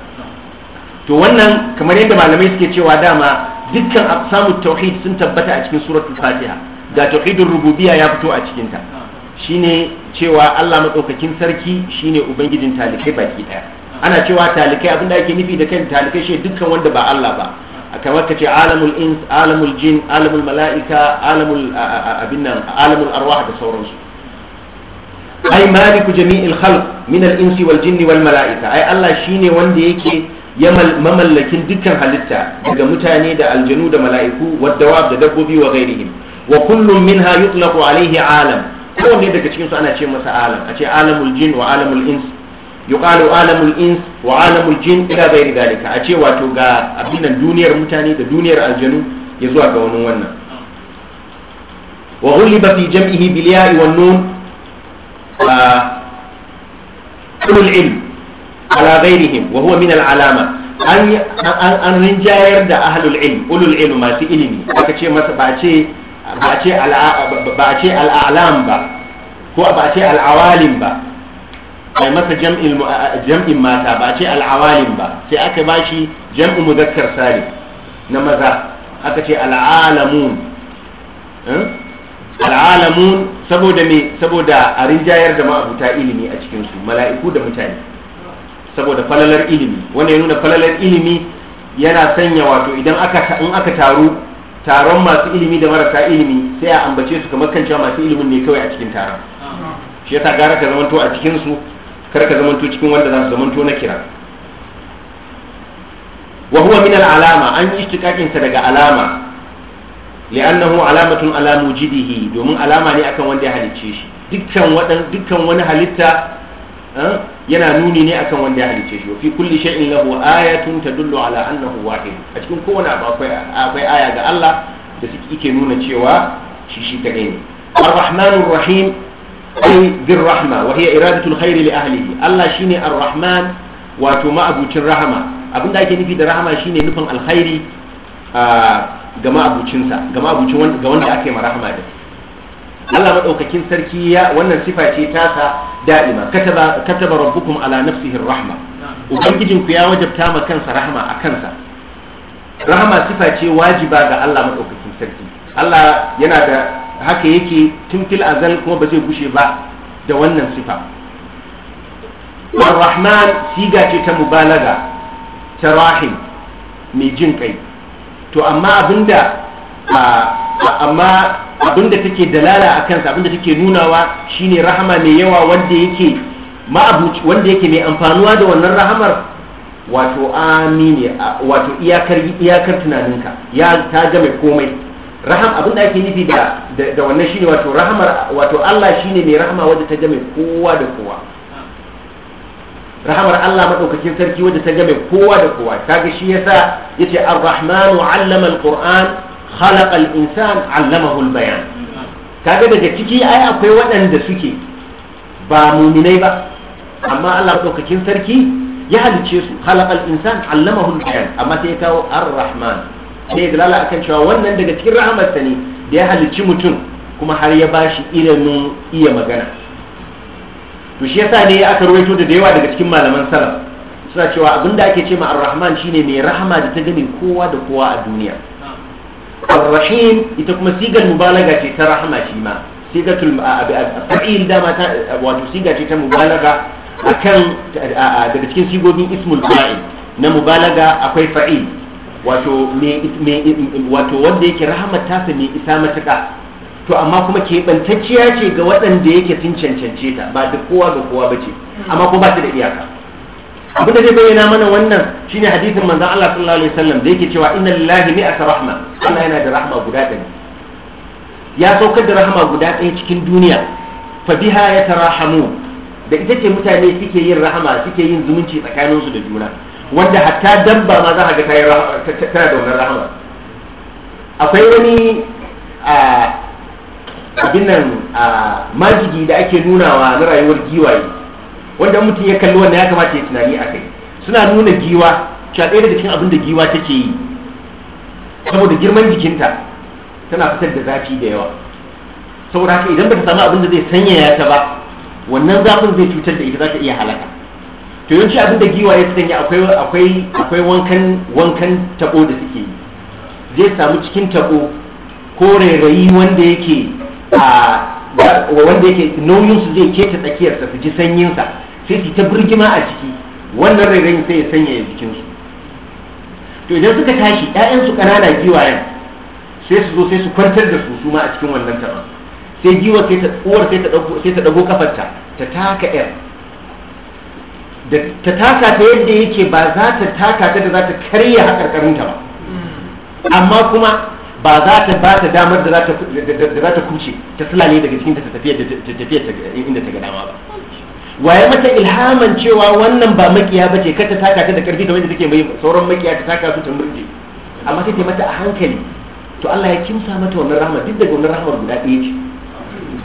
to wannan kamar yadda malamai suke cewa dama dukkan samun tauhid sun tabbata a cikin suratul fatiha ga tauhidin rububiyya ya fito a cikin ta shine cewa Allah madaukakin sarki shine ubangijin talikai baki daya ana cewa talikai abin da ake nufi da kan talikai shi dukkan wanda ba Allah ba kamar ka ce alamul ins alamul jin alamul mala'ika alamul abin nan alamul arwah da sauransu ai maliku jami'il khalq min al-insi wal jinni wal mala'ika ai Allah shine wanda yake ya mamallakin dukkan halitta daga mutane da aljanu da mala'iku wadda dawab da dabbobi wa ghairihim wa kullum minha yutlaqu alayhi alam kowanne daga cikin su ana ce masa alam a ce alamul jin wa alamul ins yuqalu alamul ins wa alamul jin ila ghairi dalika a ce wato ga abinan duniyar mutane da duniyar aljanu ya zuwa ga wani wannan wa ghuliba fi jam'ihi bil ya'i wan nun ulul ilm ala ghairihim wa huwa min al alama an rinjayar da ahlul ilm ulul masu ilimi aka ce ba ce ba ko ba ce al'awalim ba masa jam'in mata ba ce al'awalim ba sai aka ba shi jam'in salim na maza aka ce al'alamun saboda me saboda a rinjayar da ma'abuta ilimi a cikin su mala'iku da mutane saboda falalar ilimi wanda ya nuna falalar ilimi yana sanya wato idan aka in aka taru taron masu ilimi da marasa ilimi sai a ambace su kamar kan cewa masu ilimin ne kawai a cikin taron shi yasa gara ka zamanto a cikin su kar ka zamanto cikin wanda za su zamanto na kira wa huwa min al'alama an yi istiqaqin daga alama li'annahu alamatun ala mujidihi domin alama ne akan wanda ya halicce shi dukkan wadan dukkan wani halitta yana nuni ne akan wanda ya halicce shi fi kulli shay'in lahu ayatun tadullu ala annahu wahid a cikin kowane abu akwai akwai aya ga Allah da suke nuna cewa shi shi ne ar-rahmanur rahim ay bir rahma wa hiya iradatul khairi li ahlihi Allah shine ar-rahman wato ma'abucin rahama abinda ake nufi da rahama shine nufin alkhairi ga ma'abucinsa ga ma'abucin ga wanda ake marahama da Allah madaukakin sarki ya wannan sifa ce ta tasa da'ima kataba kataba rabbukum ala nafsihi rahma ubangijin ku ya wajabta ma kansa rahma a kansa rahma sifa ce wajiba ga Allah madaukakin sarki Allah yana da haka yake tun fil azal kuma ba zai gushe ba da wannan sifa Ar-Rahman siga ce ta mubalaga ta rahim mai jin kai to amma abinda amma abinda take dalala a kansa abinda take nunawa shine rahama mai yawa wanda yake ma'abuci wanda yake mai amfanuwa da wannan rahamar wato amini wato iyakar iyakar tunaninka ya ta game komai raham abinda ake nufi da da wannan shine wato rahamar wato Allah shine mai rahama wanda ta game kowa da kowa rahamar Allah madaukakin sarki wanda ta game kowa da kowa kaga shi yasa yace ar wa 'allama al-qur'an khalaqa al-insan 'allamahu al-bayan kaga daga ciki ai akwai waɗanda suke ba muminai ba amma Allah madaukakin sarki ya halice su khalaqa al-insan 'allamahu al-bayan amma sai ya kawo ar-rahman sai lalaka akan cewa wannan daga cikin rahamarsa ne da ya halicci mutum kuma har ya bashi ilimin iya magana to shi yasa ne aka rawaito da yawa daga cikin malaman salaf suna cewa abinda ake ce ma ar-rahman shine mai rahama da ta gani kowa da kowa a duniya ar-rahim ita kuma sigar mubalaga ce ta rahama shi ma sigatul fa'il dama ta wato siga ce ta mubalaga akan daga cikin sigogin ismul fa'il na mubalaga akwai fa'il wato wato wanda yake rahamar tasa mai isa matuka to amma kuma keɓantacciya ce ga waɗanda yake sun cancance ta ba duk kowa ga kowa ba ce amma kuma ba ta da iyaka abin da zai bayyana mana wannan shine hadisin manzon Allah sallallahu alaihi wasallam da yake cewa inna lillahi mi'ata rahma Allah yana da rahma guda ɗaya ya saukar da rahma guda ɗaya cikin duniya fa biha yatarahamu da ita ce mutane suke yin rahama suke yin zumunci tsakanin su da juna wanda hatta dabba ma za a ga ta da rahama akwai wani ah, abin nan a majigi da ake nunawa na rayuwar giwaye wanda mutum ya kalli wannan ya kamata ya tunani a kai suna nuna giwa cewa ɗaya daga cikin abin da giwa take yi saboda girman jikinta tana fitar da zafi da yawa saboda haka idan bata samu abin da zai sanyaya ta ba wannan zafin zai cutar da ita za ta iya halaka to yawanci abin da giwa ya sanya akwai akwai akwai wankan wankan tabo da suke yi zai samu cikin tabo ko rairayi wanda yake wanda yake nauyin su zai keta tsakiyarsa su ji sanyinsa sai su ta birgima a ciki wannan rairayin sai ya sanya su to idan suka tashi 'ya'yansu ƙanana giwayen sai su zo sai su kwantar da su su ma a cikin wannan taɓa. sai giwar sai ta uwar sai ta dago sai ta kafarta ta taka ƴan. da ta taka ta yadda yake ba za ta taka ta da za ta karya haƙarƙarinta ba hmm. amma kuma ba za ta ba ta damar da za ta kuce ta ne daga cikin ta tafiya inda ta ga dama ba waye mata ilhaman cewa wannan ba makiya ba kar ta taka ta da karfi kamar da take mai sauran makiya ta taka su ta murje amma sai ta mata a hankali to Allah ya kimsa mata wannan rahama duk daga wannan rahama guda ɗaya ce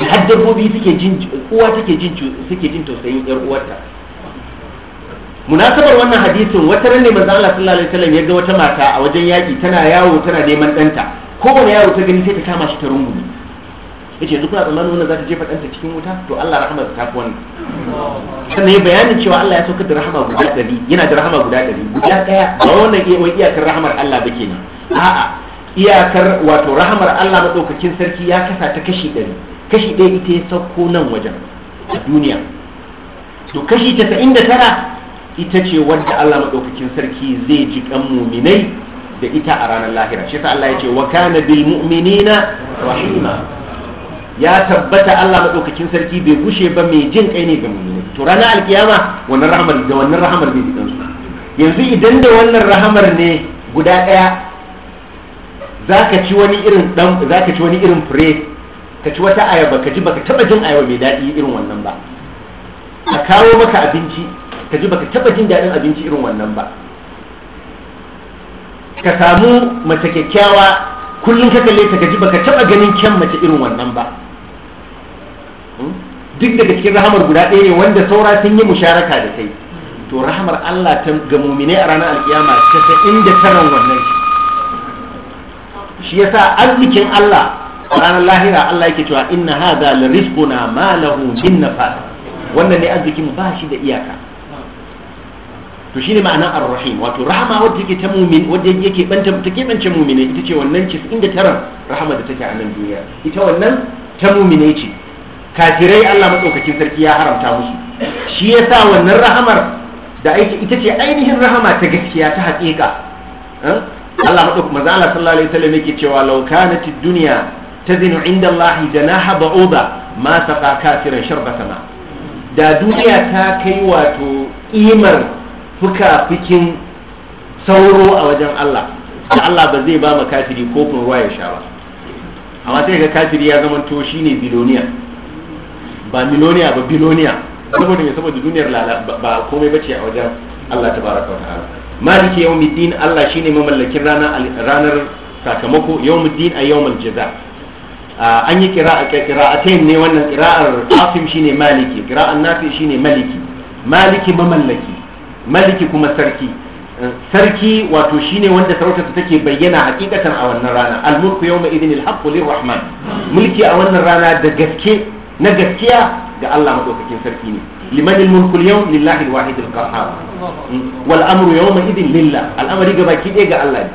da har dabbobi suke jin uwa take jin suke jin tausayin yar uwarta munasabar wannan hadisin wata ran ne manzo Allah sallallahu alaihi wasallam ya ga wata mata a wajen yaki tana yawo tana neman ɗanta kowane yaro ta gani sai ta kama shi ta rungume yace yanzu kuna tsammanin wannan za ta jefa ɗanta cikin wuta to Allah rahama ta fi wannan sannan ya bayanin cewa Allah ya saukar da rahama guda ɗari yana da rahama guda ɗari guda ɗaya ba wannan iya wai iyakar rahamar Allah ba kenan a'a iyakar wato rahamar Allah maɗaukakin sarki ya kasa ta kashi ɗari kashi ɗaya ita ya sauko nan wajen a duniya to kashi casa'in da tara ita ce wadda Allah maɗaukakin sarki zai ji kan muminai da ita a ranar lahira shi sa Allah ya ce wa kana bil mu'minina rahima ya tabbata Allah madaukakin sarki bai gushe ba mai jin kai ne ga mu'mini to ranar alkiyama wannan rahamar da wannan rahamar ne bidan yanzu idan da wannan rahamar ne guda daya zaka ci wani irin dan zaka ci wani irin fure ka ci wata ayaba ka ji baka taba jin ayaba mai daɗi irin wannan ba a kawo maka abinci ka ji baka taba jin daɗin abinci irin wannan ba ka samu mace kyakkyawa kullum ka kalle ta gaji baka taba ganin kyan mace irin wannan ba hmm? duk daga cikin rahamar guda ɗaya ne wanda saura sun yi musharaka da kai to rahamar Allah ta ga mumine a ranar alkiyama ta sa'in da taran wannan shi shi yasa arzikin Allah ranar lahira Allah yake cewa inna hadha la rizquna ma lahu min nafas wannan ne arzikin ba shi da iyaka to shine ma'anar ar-rahim wato rahama wadda yake ta mumin wadda yake banta ta kebance mumine ita ce wannan da taran rahama da take a nan duniya ita wannan ta mumine ce kafirai Allah madaukakin sarki ya haramta musu shi yasa wannan rahamar da aiki ita ce ainihin rahama ta gaskiya ta haƙiƙa Allah madaukakin manzo Allah sallallahu alaihi wasallam yake cewa law kanat ad-dunya tazinu inda Allah janaha ba'uda ma saqa kafiran sharbata ma da duniya ta kai wato imar fukafikin sauro a wajen Allah da Allah ba zai ba ma kafiri kofin ruwa ya sha ba amma sai ga kafiri ya zama to shine biloniya ba miloniya ba biloniya saboda me saboda duniyar lala ba komai bace a wajen Allah tabaraka wa ta'ala maliki yawmiddin Allah shine mamallakin ranar ranar sakamako yawmiddin a yawmal jaza an yi kira a ne wannan kira'ar qasim shine maliki kira'an nafi shine maliki maliki mamallaki maliki kuma sarki eh, sarki wato shine wanda sarautarsa take bayyana hakikatan a wannan rana al-mulku yawma idhin al-haqqu lirrahman mulki a wannan rana da gaske na gaskiya ga Allah madaukakin sarki ne liman al-mulku al-yawm lillahi al-wahid al-qahhar hmm. wal amru yawma idhin lillah al-amri ga baki ɗaya ga Allah ne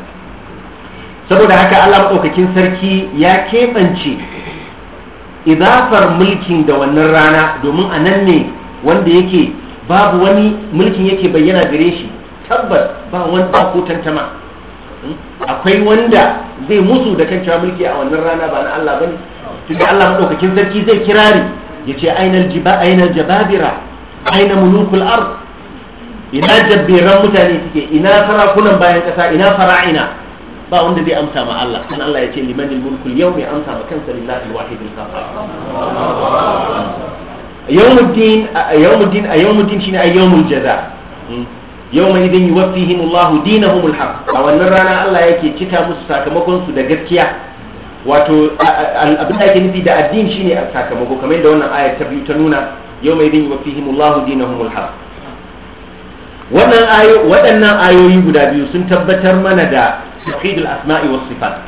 saboda haka Allah madaukakin sarki ya kebance idafar mulkin da wannan rana domin a nan ne wanda yake babu wani mulkin yake bayyana gare shi tabbas ba wani ba ko tantama hmm? akwai wanda zai musu da kan cewa mulki a wannan rana ba na Allah bane tunda Allah madaukakin sarki zai kirari yace ainal jiba ainal jababira aina mulukul ard ina jabbiran mutane suke ina sarakunan bayan kasa ina fara'ina ba wanda zai amsa ma Allah kan Allah yace limanil mulkul yawmi amsa ma kansa lillahi alwahid alqahhar yawmuddin a yawmuddin shine a yawmul jaza hmm. yawma idin yuwaffihim Allah dinahum alhaq a wannan rana Allah yake cika musu sakamakon su da gaskiya wato abin da ake nufi da addini shine sakamako kamar yadda wannan aya ta biyu ta nuna yawma idin yuwaffihim Allah dinahum alhaq wannan ayo waɗannan ayoyi guda biyu sun tabbatar mana da tauhidul asma'i was sifat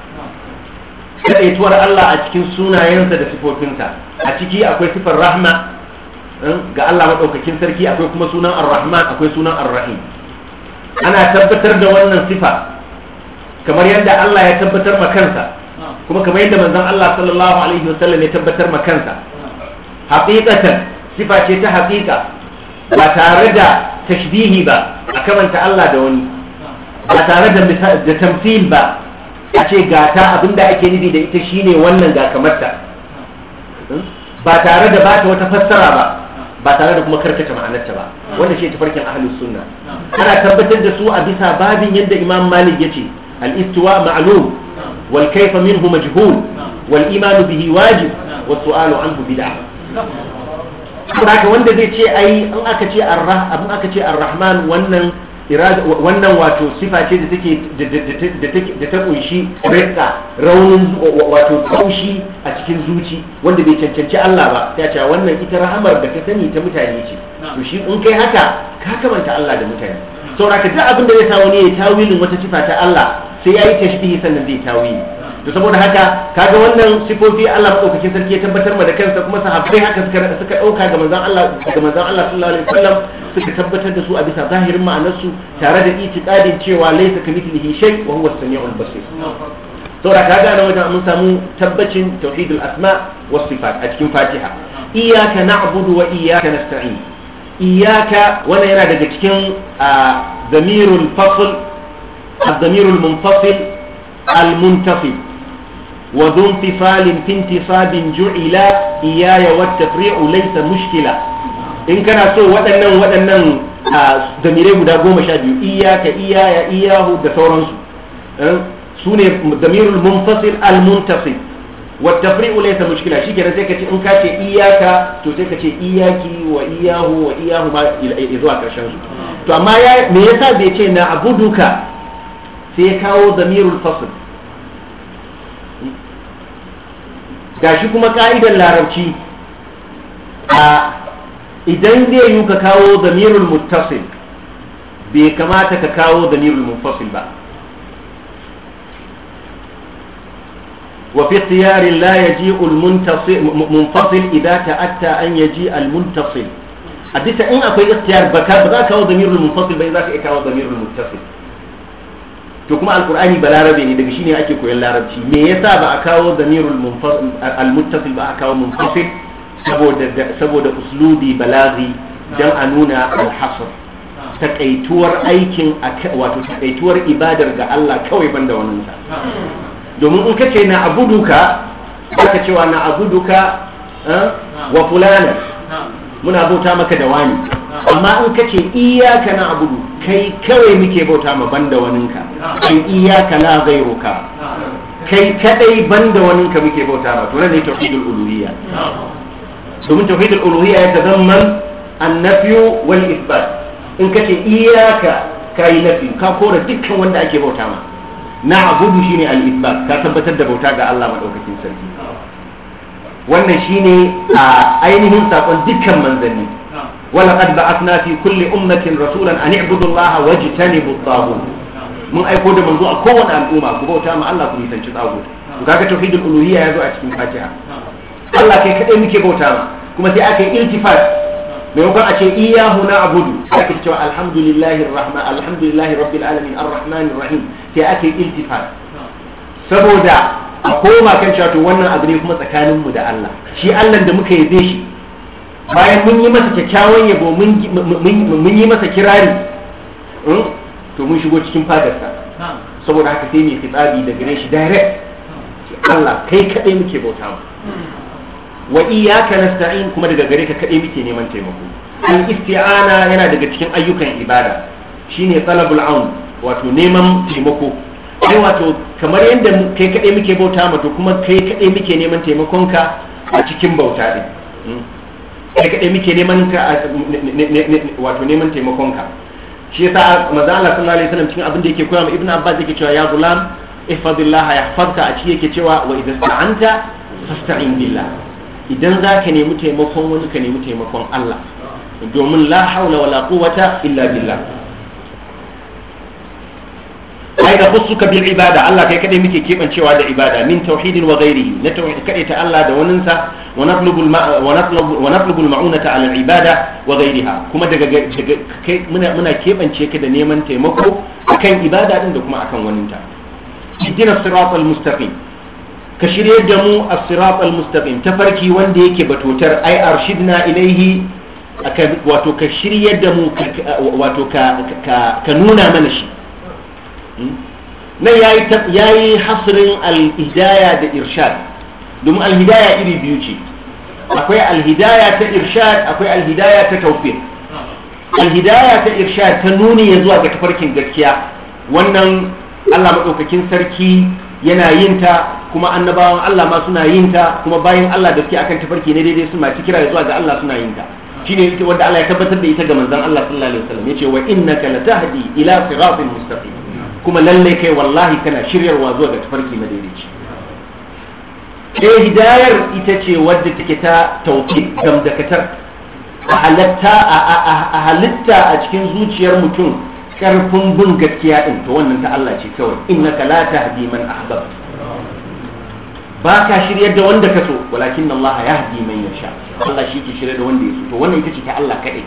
kadaituwar Allah a cikin sunayensa da sifofinsa a ciki akwai sifar rahma ga Allah madaukakin sarki akwai kuma sunan ar-rahman akwai sunan ar-rahim ana tabbatar da wannan sifa kamar yadda Allah ya tabbatar ma kansa kuma kamar yadda manzon Allah sallallahu alaihi wasallam ya tabbatar ma kansa haqiqatan sifa ce ta haqiqa ba tare da tashbihi ba a kamanta Allah da wani ba tare da da tamthil ba a ce gata abinda ake nufi da ita shine wannan ga kamarta ba tare da bata wata fassara ba ba tare da kuma karkata ma'anarta ba wanda shi tafarkin ahlus sunna ana tabbatar da su a bisa babin yadda imam malik yace al istiwa ma'lum wal kayfa minhu majhul wal iman bihi wajib wa su'al anhu bid'ah haka wanda zai ce ai an aka ce arrah abin aka ce arrahman wannan irada wannan wato sifa ce da take da ta kunshi rinka raunin wato kaushi a cikin zuci wanda bai cancanci Allah ba ta ce wannan ita rahamar da ka sani ta mutane ce to shi in kai haka ka kamanta Allah da mutane saboda ka duk abin da ya sa wani ya tawilin wata sifa ta Allah sai ya yi tashbihi sannan zai tawili da saboda haka kaga wannan sifofi Allah madaukakin sarki ya tabbatar ma da kansa kuma sahabbai haka suka suka dauka ga manzon Allah ga manzon Allah sallallahu alaihi wasallam suka tabbatar da su a bisa zahirin ma'anar su tare da itiqadin cewa laysa kamithlihi shay wa huwa as-sami'ul basir saboda kaga nan wajen mun samu tabbacin tauhidul asma was sifat a cikin Fatiha iyyaka na'budu wa iyyaka nasta'in iyyaka wannan yana daga cikin zamirul fasl الضمير المنفصل المنتفي وذو انتفال في انتصاب جعلا إياي والتفريع ليس مشكلة إن كان سو ودنن ودنن دميري غدا غوما شا بيو إياك إياي إياه da sauransu sune damir al-munfasil al-muntasib والتفريع ليس مشكلة شيء كده زي كده إن كاتي إياك تو زي كده إياكي وإياه وإياه ما إذوا كرشان تو أما يا ميسا بيتي نعبدك سيكاو ضمير الفصل gashi kuma ka'idar larabci a idan zai yi ka kawo damirul muttasil bai kamata ka kawo damirul munfasil ba وفي اختيار لا يجيء المنتصل منفصل اذا تاتى ان يجيء المنتصل حديث ان اكو اختيار بكا بذاك هو ضمير المنفصل kawo da ضمير المتصل to kuma alkur'ani ba larabe ne daga shine ake koyon larabci me yasa ba a kawo damirul almuttasil ba a kawo munfasil saboda saboda uslubi balaghi dan a nuna alhasr takaituwar aikin wato takaituwar ibadar ga Allah kawai banda wannan sa domin in kace na abuduka baka cewa na abuduka eh, wa fulana muna bauta maka da wani amma in ka ce iyaka na abudu kai kawai muke bauta ma banda waninka kai iyaka la gairuka kai kadai banda waninka muke bauta ma to ne tauhidul uluhiyya domin tauhidul uluhiyya ya tazamman annafyu wal isbat in ka ce iyaka kai nafi ka kora dukkan wanda ake bauta ma na abudu shine al isbat ka tabbatar da bauta ga Allah madaukakin sarki wannan shine a ainihin sakon dukkan manzanni ولقد بعثنا في كل أمة رسولا أن اعبدوا الله واجتنبوا الطاغوت mun aiko da manzo a kowane al'umma ku bauta ma Allah ku nisanci tsago ku kaga tauhidul uluhiyya yazo a cikin Fatiha Allah kai kaɗai muke bauta ma kuma sai aka yi iltifat maimakon a ce iyahu na abudu aka ce cewa alhamdulillahi rahman alhamdulillahi rabbil alamin arrahmanir rahim sai aka yi saboda a koma kan cewa to wannan abu ne kuma tsakaninmu da Allah shi Allah da muka yabe shi bayan mun yi masa kyakkyawan yabo mun yi masa kirari hmm, to mun shigo cikin fadarsa saboda haka sai mai fitsabi da gare shi direct Allah kai kaɗai muke bauta mu wa iyyaka nasta'in kuma daga gare ka kaɗai muke neman taimako al isti'ana yana daga cikin ayyukan ibada shine talabul aun wato neman taimako kai wato kamar yadda kai kaɗai muke bauta mu to kuma kai kaɗai muke neman taimakonka a cikin bauta din hmm. kai kadai muke neman ka wato neman taimakon ka shi yasa manzo Allah sallallahu alaihi wasallam cikin abin da yake koya ma Ibn Abbas yake cewa ya gulam ihfazillah yahfazka a cikin yake cewa wa idza sta'anta fasta'in billah idan zaka nemi taimakon wani ka nemi taimakon Allah domin la hawla wala quwwata illa billah ai da bil ibada Allah kai kadai muke kebancewa da ibada min tauhidin wa ghairihi na tauhid kadai ta Allah da wanin sa wa natlubu wa wa ma'unata ibada wa ghairiha kuma daga kai muna muna kebance ka da neman taimako akan ibada din da kuma akan wanin ta ihdina al mustaqim ka shirye da mu as al mustaqim tafarki wanda yake batotar ai arshidna ilaihi wato ka shirye da mu wato ka nuna mana shi Hmm? nan ya yi hasirin alhidaya da irshad domin alhidaya iri biyu ce akwai alhidaya ta irshad akwai alhidaya ta taufir alhidaya ta irshad ta nuni ya zuwa ga tafarkin gaskiya wannan allah maɗaukakin sarki yana yin ta kuma annabawan allah ma suna yin ta kuma bayan allah da suke akan tafarki ne daidai sun masu kira zuwa ga allah suna yin ta shine wanda allah ya tabbatar da ita ga manzon allah sallallahu alaihi wasallam ce, wa innaka latahdi ila siratin mustaqim kuma lalle kai wallahi kana shiryarwa zuwa ga tafarki madaidaici ke hidayar ita ce wadda take ta tauki gamdakatar a halitta a cikin zuciyar mutum karfin bin gaskiya din to wannan ta Allah ce kawai innaka la tahdi man ahbab ba ka shiryar da wanda ka so walakin Allah ya hadi man yasha Allah shi ke shirya da wanda ya so to wannan ita ce ta Allah kadai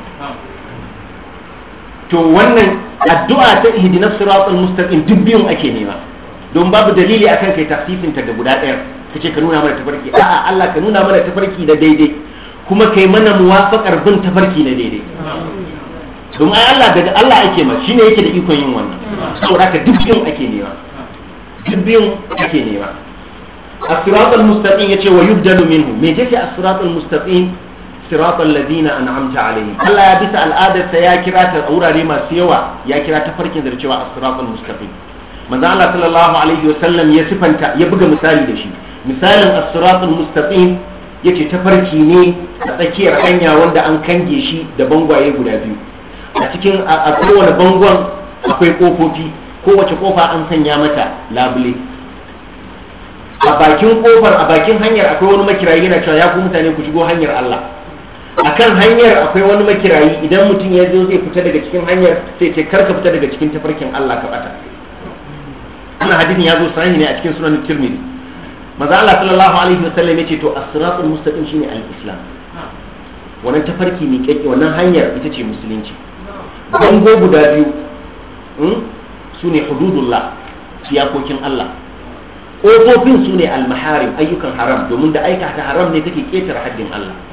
to wannan addu'a ta ihdinas siratal mustaqim duk biyun ake nema don babu dalili akan kai tafsirin ta da guda ɗaya kace ka nuna mana tafarki a'a Allah ka nuna mana tafarki da daidai kuma kai mana muwafaqar bin tafarki na daidai don ai Allah daga Allah ake ma shine yake da ikon yin wannan saboda ka duk biyun ake nema duk biyun ake nema as-siratal mustaqim yace wa yubdalu minhu me yace as-siratal mustaqim siratal ladina an'amta alaihim Allah ya bisa al'adarsa ya kira ta wurare masu yawa ya kira ta farkin zarcewa a as mustaqim manzo Allah sallallahu alaihi wa sallam ya sifanta ya buga misali da shi misalin as siratul mustaqim yace farki ne a tsakiyar hanya wanda an kange shi da bangwaye guda biyu a cikin a kowane bangon akwai kofofi kowace kofa an sanya mata labule a bakin kofar a bakin hanyar akwai wani makirayi yana cewa ya ku mutane ku shigo hanyar Allah a kan hanyar akwai wani makirayi idan mutum ya zo zai fita daga cikin hanyar sai ce karka fita daga cikin tafarkin Allah ka bata ana hadisin ya zo sahihi ne a cikin sunan tirmidhi maza Allah sallallahu alaihi wa sallam yace to as-siratul mustaqim shine al-islam wannan tafarki ne kake wannan hanyar ita ce musulunci bango guda biyu hmm, su ne hududullah iyakokin Allah ƙofofin su ne al-maharim ayyukan haram domin da aikata haram ne take ketare haddin Allah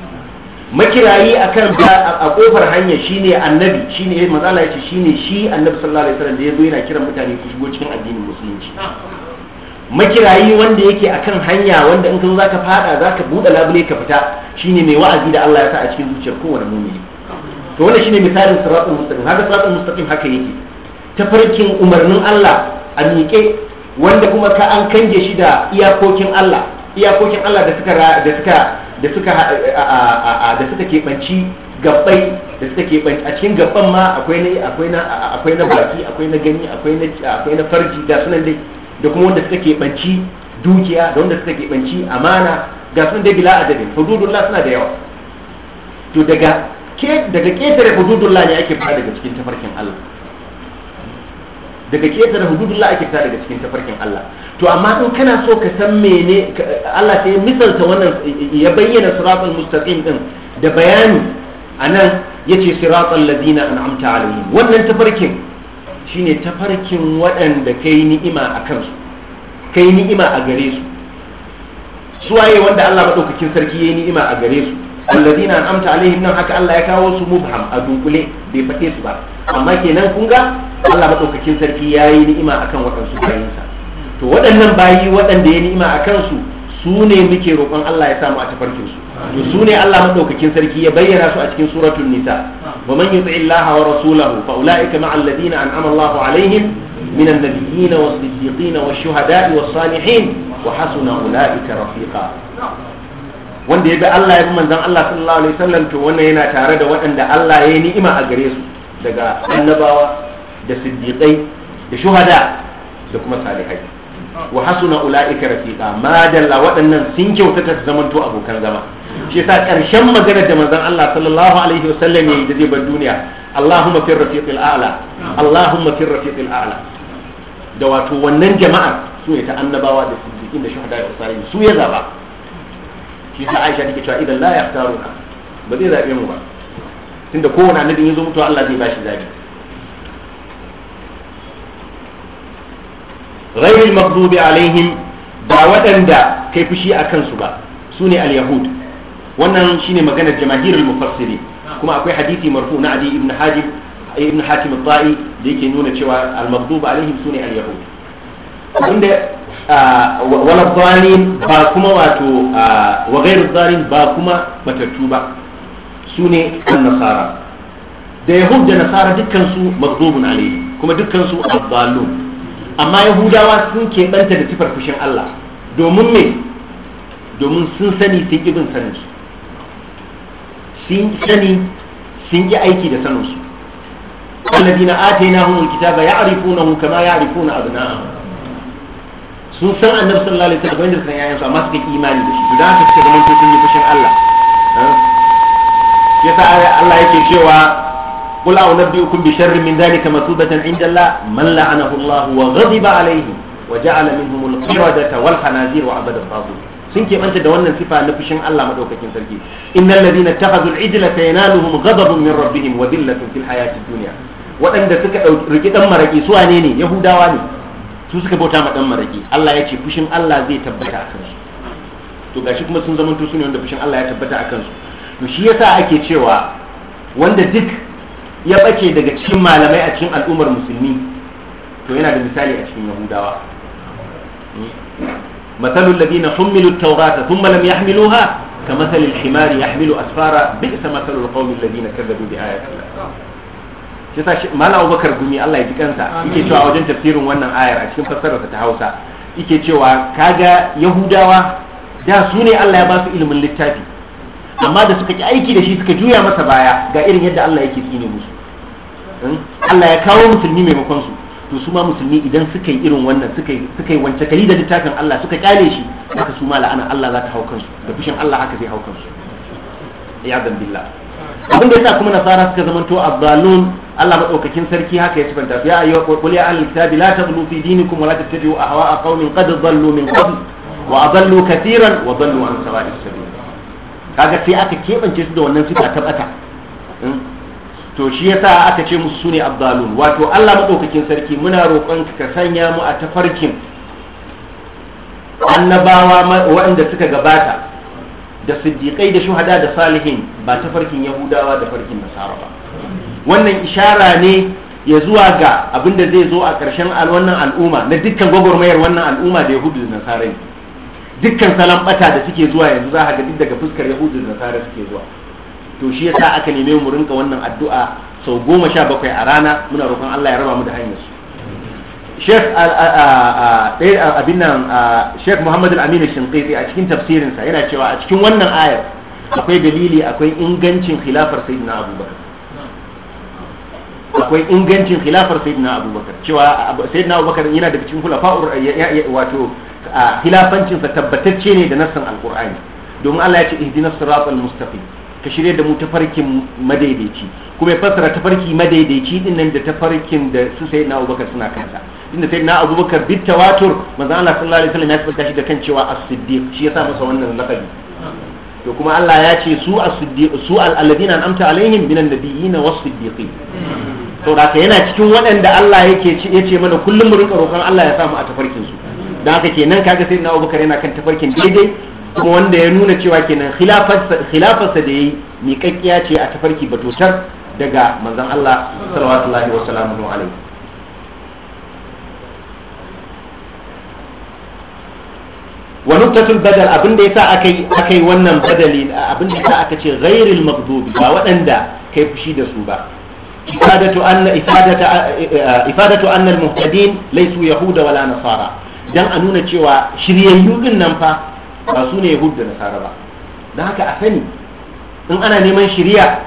makirayi akan a kofar hanya shine annabi shine eh, matsala yace shine shi annabi sallallahu alaihi wasallam da ya zo yana kiran mutane su shigo cikin addinin musulunci makirayi wanda yake akan hanya wanda in ka zo zaka fada zaka bude labule ka fita shine mai wa'azi da Allah ya sa a cikin zuciyar kowane mu'mini to wannan shine misalin siratul mustaqim haka siratul mustaqim haka yake tafarkin umarnin Allah a miƙe wanda kuma ka an kange shi da iyakokin Allah iyakokin Allah da suka da suka da suka a da suka keɓanci gabbai da suka keɓanci a cikin gabban ma akwai na akwai na akwai na baki akwai na gani akwai na akwai na farji ga sunan dai da kuma wanda suka keɓanci dukiya da wanda suka keɓanci amana ga sunan dai bila adadin hududullah suna da yawa to daga ke daga ketare hududullah ne ake fara daga cikin tafarkin Allah daga ƙetare hududullah ake fita daga cikin tafarkin Allah to amma in kana so ka san mene Allah sai misalta wannan ya bayyana siratal mustaqim din da bayani anan yace siratal ladina an'amta alaihim wannan tafarkin shine tafarkin waɗanda kai ni'ima a kansu kai ni'ima a gare su suwaye wanda Allah madaukakin sarki ya yi ni'ima a gare su alladina an'amta alaihim nan haka Allah ya kawo su mubham a dunkule bai faɗe su ba amma kenan kun ga Allah madaukakin sarki ya yi ni'ima akan waɗansu bayinsa to waɗannan bayi waɗanda ya ni'ima a kansu su ne muke roƙon Allah ya samu a tafarkin su to su ne Allah madaukakin sarki ya bayyana su a cikin suratul nisa wa man yuti illaha wa rasulahu fa ulaika ma'al ladina an'ama Allahu alaihim من shuhadai والصديقين salihin wa وحسن ula'ika رفيقا wanda ya bi Allah ya bi manzon Allah sallallahu alaihi wasallam to wannan yana tare da waɗanda Allah ya yi ni'ima a gare su daga annabawa da siddiqai da shuhada da kuma salihai wa hasuna ulaika rafiqa ma dalla waɗannan sun kyautata su to abokan zama shi yasa ƙarshen magana da manzon Allah sallallahu alaihi wasallam yayi da zai bar duniya Allahumma fir rafiqil a'la Allahumma fir rafiqil a'la da wato wannan jama'a su ne ta annabawa da siddiqin da shuhada da salihai su ya zaba shi ta aisha take cewa idan la yaftaruka ba zai zabe mu ba tunda kowane annabi ya zo mutuwa Allah zai bashi zabi ghayril maghdubi alaihim ba waɗanda kai fushi a kansu ba sune al-yahud wannan shine maganar jamahirul mufassiri kuma akwai hadisi marfu na adi ibn hajib ibn hakim at-ta'i da yake nuna cewa al-maghdub alaihim sune al-yahud wala zalim ba kuma wato wa ghairu zalim ba kuma matattu ba su ne an nasara da yahud da nasara dukkansu mazdubun alayhi kuma dukkansu abdalun amma yahudawa sun keɓanta da sifar fushin Allah domin me domin sun sani sun ƙi bin su sun sani sun ƙi aiki da saninsu الذين آتيناهم kama ya كما يعرفون أبناءهم sun san annabi sallallahu alaihi wasallam da san yayansu amma suka imani da shi to dan haka suka zama to sun yi fushin Allah ya eh? yasa Allah yake cewa qul a'udhu nabiyukum bi sharri min dhalika masubatan 'inda Allah man la'anahu Allah wa ghadiba alayhi wa ja'ala minhum al-qiradata wal hanazir wa abada al sun keɓanta da wannan sifa na fushin Allah madaukakin sarki innal ladina takhadhu al-ijla sayanaluhum ghadabun min rabbihim wa dhillatun fil hayati dunya waɗanda suka ɗauki rikidan maraki su wane ne yahudawa ne su suka bauta ma dan maraki Allah ya ce fushin Allah zai tabbata a kansu to gashi kuma sun zama su ne wanda fushin Allah ya tabbata a kansu to shi yasa ake cewa wanda duk ya bace daga cikin malamai a cikin al'ummar musulmi to yana da misali a cikin yahudawa مثل الذين حملوا التوراة ثم لم يحملوها كمثل الحمار يحمل أسفارا بئس مثل القوم الذين كذبوا بآيات الله yasa malam Abubakar Gumi Allah ya ji kansa yake cewa wajen tafsirin wannan ayar a cikin fassarar ta Hausa yake cewa kaga Yahudawa da su ne Allah ya ba su ilimin littafi amma da suka ki aiki da shi suka juya masa baya ga irin yadda Allah yake tsine musu hmm? Allah ya kawo musulmi maimakon su to su ma musulmi idan suka yi irin wannan suka yi suka yi wance kali da littafin Allah suka kyale shi haka su ma la'ana Allah za ta hau kansu da fushin Allah haka zai hau kansu ya zambilla. abin da yasa kuma nasara suka to abdalun Allah madaukakin sarki haka ya sifanta su ya ayyuha qul ya ahlul kitabi la taghlu fi dinikum wa la tattabi'u ahwa'a qaumin qad dhallu min qabl wa adallu katiran wa dallu an sawa'i sabil kaga sai aka kebance su da wannan sifa ta bata hmm? to shi yasa aka ce musu sune abdalun wato Allah madaukakin sarki muna roƙon ka sanya mu a tafarkin annabawa waɗanda suka gabata da siddiƙai da shuhada da salihin ba ta farkin yahudawa da farkin nasara ba wannan ishara ne ya zuwa ga abin da zai zo a ƙarshen wannan al'umma na dukkan gwagwarmayar wannan al'umma da yahudu da nasara dukkan salon bata da suke zuwa yanzu za a ga duk daga fuskar yahudu da nasara suke zuwa to shi yasa aka neme mu rinka wannan addu'a sau goma sha bakwai a rana muna roƙon Allah ya raba mu da hanyar su Sheikh abin nan Sheikh Muhammad al-Amin Shinqiti a cikin tafsirinsa yana cewa a cikin wannan ayar akwai dalili akwai ingancin khilafar Sayyidina Abubakar akwai ingancin khilafar Sayyidina Abubakar cewa Sayyidina Abubakar yana daga cikin khulafa'ur wato khilafancin tabbatacce ne da nassan Al-Qur'ani domin Allah ya ce ihdinas siratal mustaqim ka shirya da mu tafarkin madaidaici kuma ya fassara tafarki madaidaici din nan da tafarkin da su sai na abubakar suna kansa inda sai na abubakar bit tawatur manzo Allah sallallahu alaihi wasallam ya tabbata shi da kan cewa as-siddiq shi yasa masa wannan lakabi to kuma Allah ya ce su as-siddiq su al-alladina amta alaihim minan nabiyyin was-siddiqin to da yana cikin waɗanda Allah yake ce yace mana kullum mu rinka roƙon Allah ya samu a tafarkin su dan haka kenan kaga sai na abubakar yana kan tafarkin daidai kuma wanda ya nuna cewa kenan khilafarsa da ya yi miƙaƙƙiya ce a tafarki batotar daga manzon Allah sallallahu alaihi wa sallam wa nuktatul badal abinda yasa akai akai wannan badali abinda yasa aka ce ghairil maghdubi ba waɗanda kai fushi da su ba ifadatu anna ifadatu eh, ifadatu anna al-muhtadin laysu yahuda wala nasara dan a nuna cewa shiryayyu din nan fa ba su ne yahudu da nasara ba don haka a sani in ana neman shirya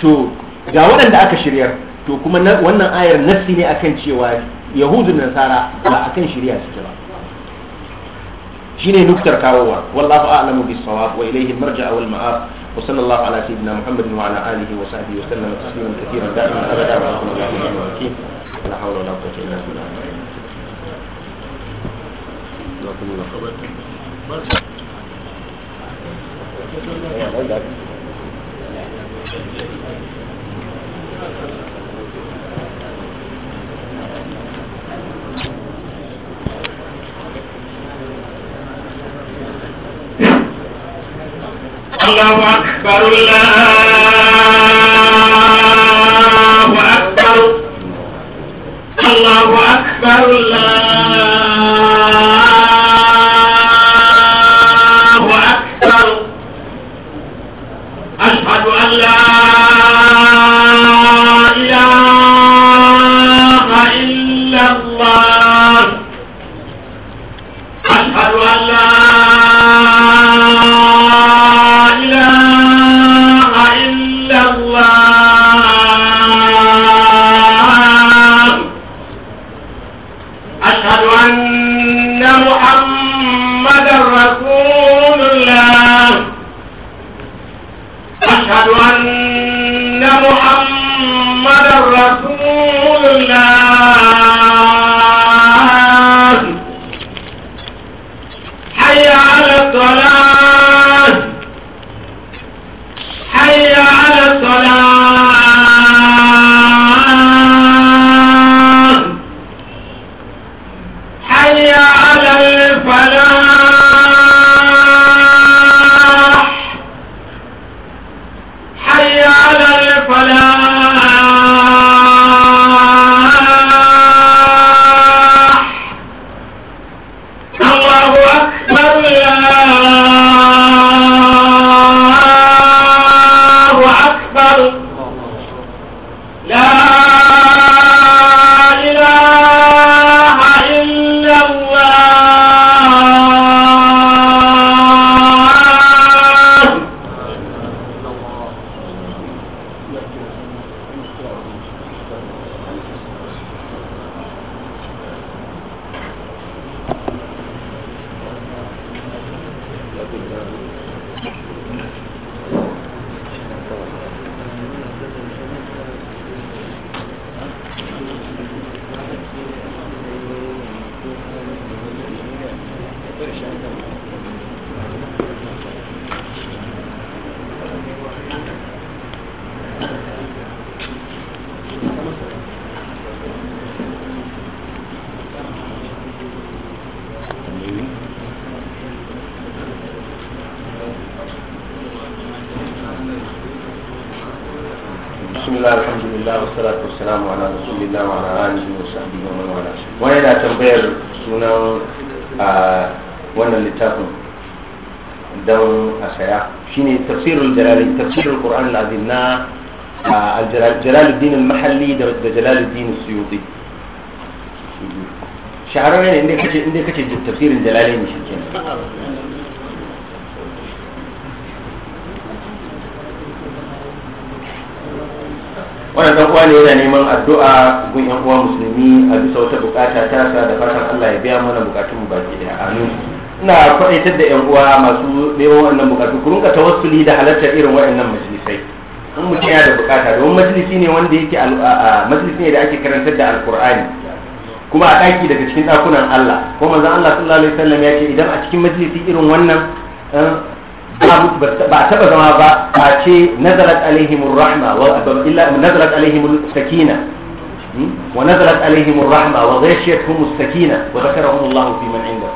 to ga waɗanda aka shiryar to kuma wannan ayar nassi ne akan cewa yahudu da nasara ba akan shirya suke ba shine nuktar kawowa wallahu a'lamu bis sawab wa ilayhi marja'a wal ma'ab wa sallallahu ala sayyidina muhammad wa ala alihi wa sahbihi wa sallam tasliman katiran da'iman abada wa sallallahu alaihi wa sallam la hawla wa la quwwata illa billah الله أكبر الله da jalaluddin suyuti shahararre ne inda kace inda kace tafsirin jalalaini shikenan wannan dan uwa ne yana neman addu'a gun yan uwa musulmi a bisa wata bukata ta sa da fatan Allah ya biya mana bukatun mu baki da amin ina faɗaitar da yan uwa masu neman wannan bukatu ku rinka tawassuli da halartar irin waɗannan majalisai in mutum yana da bukata domin majalisi ne wanda yake majalisi ne da ake karantar da alkur'ani kuma a ɗaki daga cikin ɗakunan Allah ko manzon Allah sallallahu alaihi wasallam ya ce idan a cikin majalisi irin wannan eh, ba a taba zama ba a ce nazarat alaihimur rahma wa illa nazarat alaihimul sakina hmm? wa nazarat alaihimur rahma wa ghashiyatuhum sakina wa dhakarahum Allah fi man inda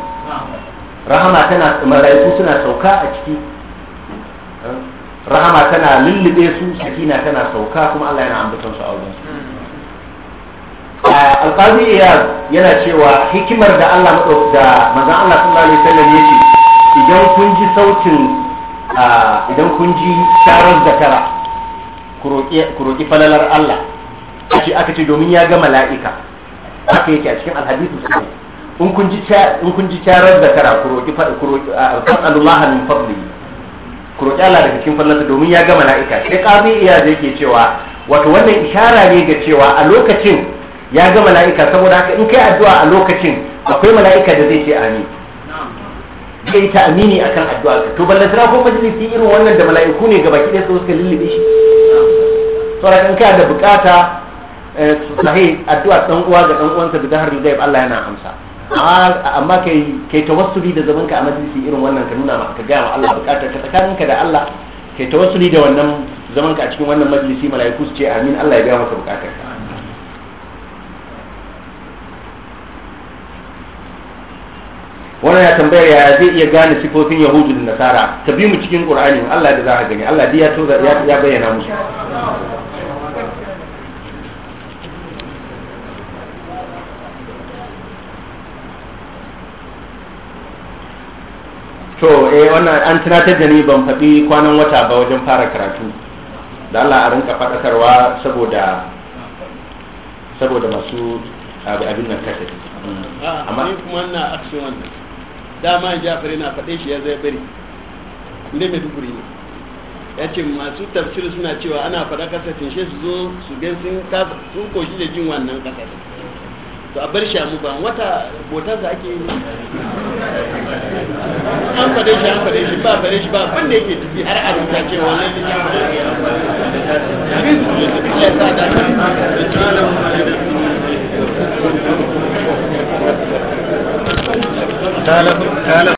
rahama tana malaiku suna sauka a ciki rahama tana lullube su sakina tana sauka kuma Allah yana ambaton su a wajen su alqazi iyaz yana cewa hikimar da Allah da manzon Allah sallallahu alaihi wasallam ce idan kun ji sautin idan kun ji sharar zakara ku roki falalar Allah shi aka ce domin ya ga mala'ika aka yake a cikin alhadisu sai in kun ji in kun ji sharar zakara ku roki ku roki Allah min fadlihi ku Allah daga cikin fallasa domin ya ga mala'ika sai qazi iya zai ke cewa wato wannan ishara ne ga cewa a lokacin ya ga mala'ika saboda haka in kai addu'a a lokacin akwai mala'ika da zai ce amin ke ta amini akan addu'a ka to tara ko majalisi irin wannan da mala'iku ne gaba da su suka lullube shi saboda in kai da bukata eh, sahih addu'a dan uwa ga dan uwansa da har da Allah yana amsa amma kai kai tawassuli da zaman ka a majalisi irin wannan ka nuna maka ga wa Allah bukatar ka tsakaninka da Allah kai tawassuli da wannan zaman ka a cikin wannan majalisi malaiku su ce amin Allah ya biya maka bukatar ka wannan ya tambayar ya zai iya gane sifofin yahudu da nasara ta bi mu cikin qur'ani Allah da za ka gani Allah ya bayyana musu to eh wannan an tunatar da ni ban faɗi kwanan wata ba wajen fara karatu da Allah a rinka faɗakarwa saboda saboda masu abin nan kasa ah, amma ni kuma na action wannan dama Jafar na faɗe shi ya zai bari inda mai duburi ne ya ce masu tafsir suna cewa ana faɗa kasafin shi su zo su gan sun koshi da jin wannan kasafin to a bar shi mu ba wata botar da ake yi an fade shi an fade shi ba fade shi ba wanda yake tafi har a rubuta ce wannan da ya sa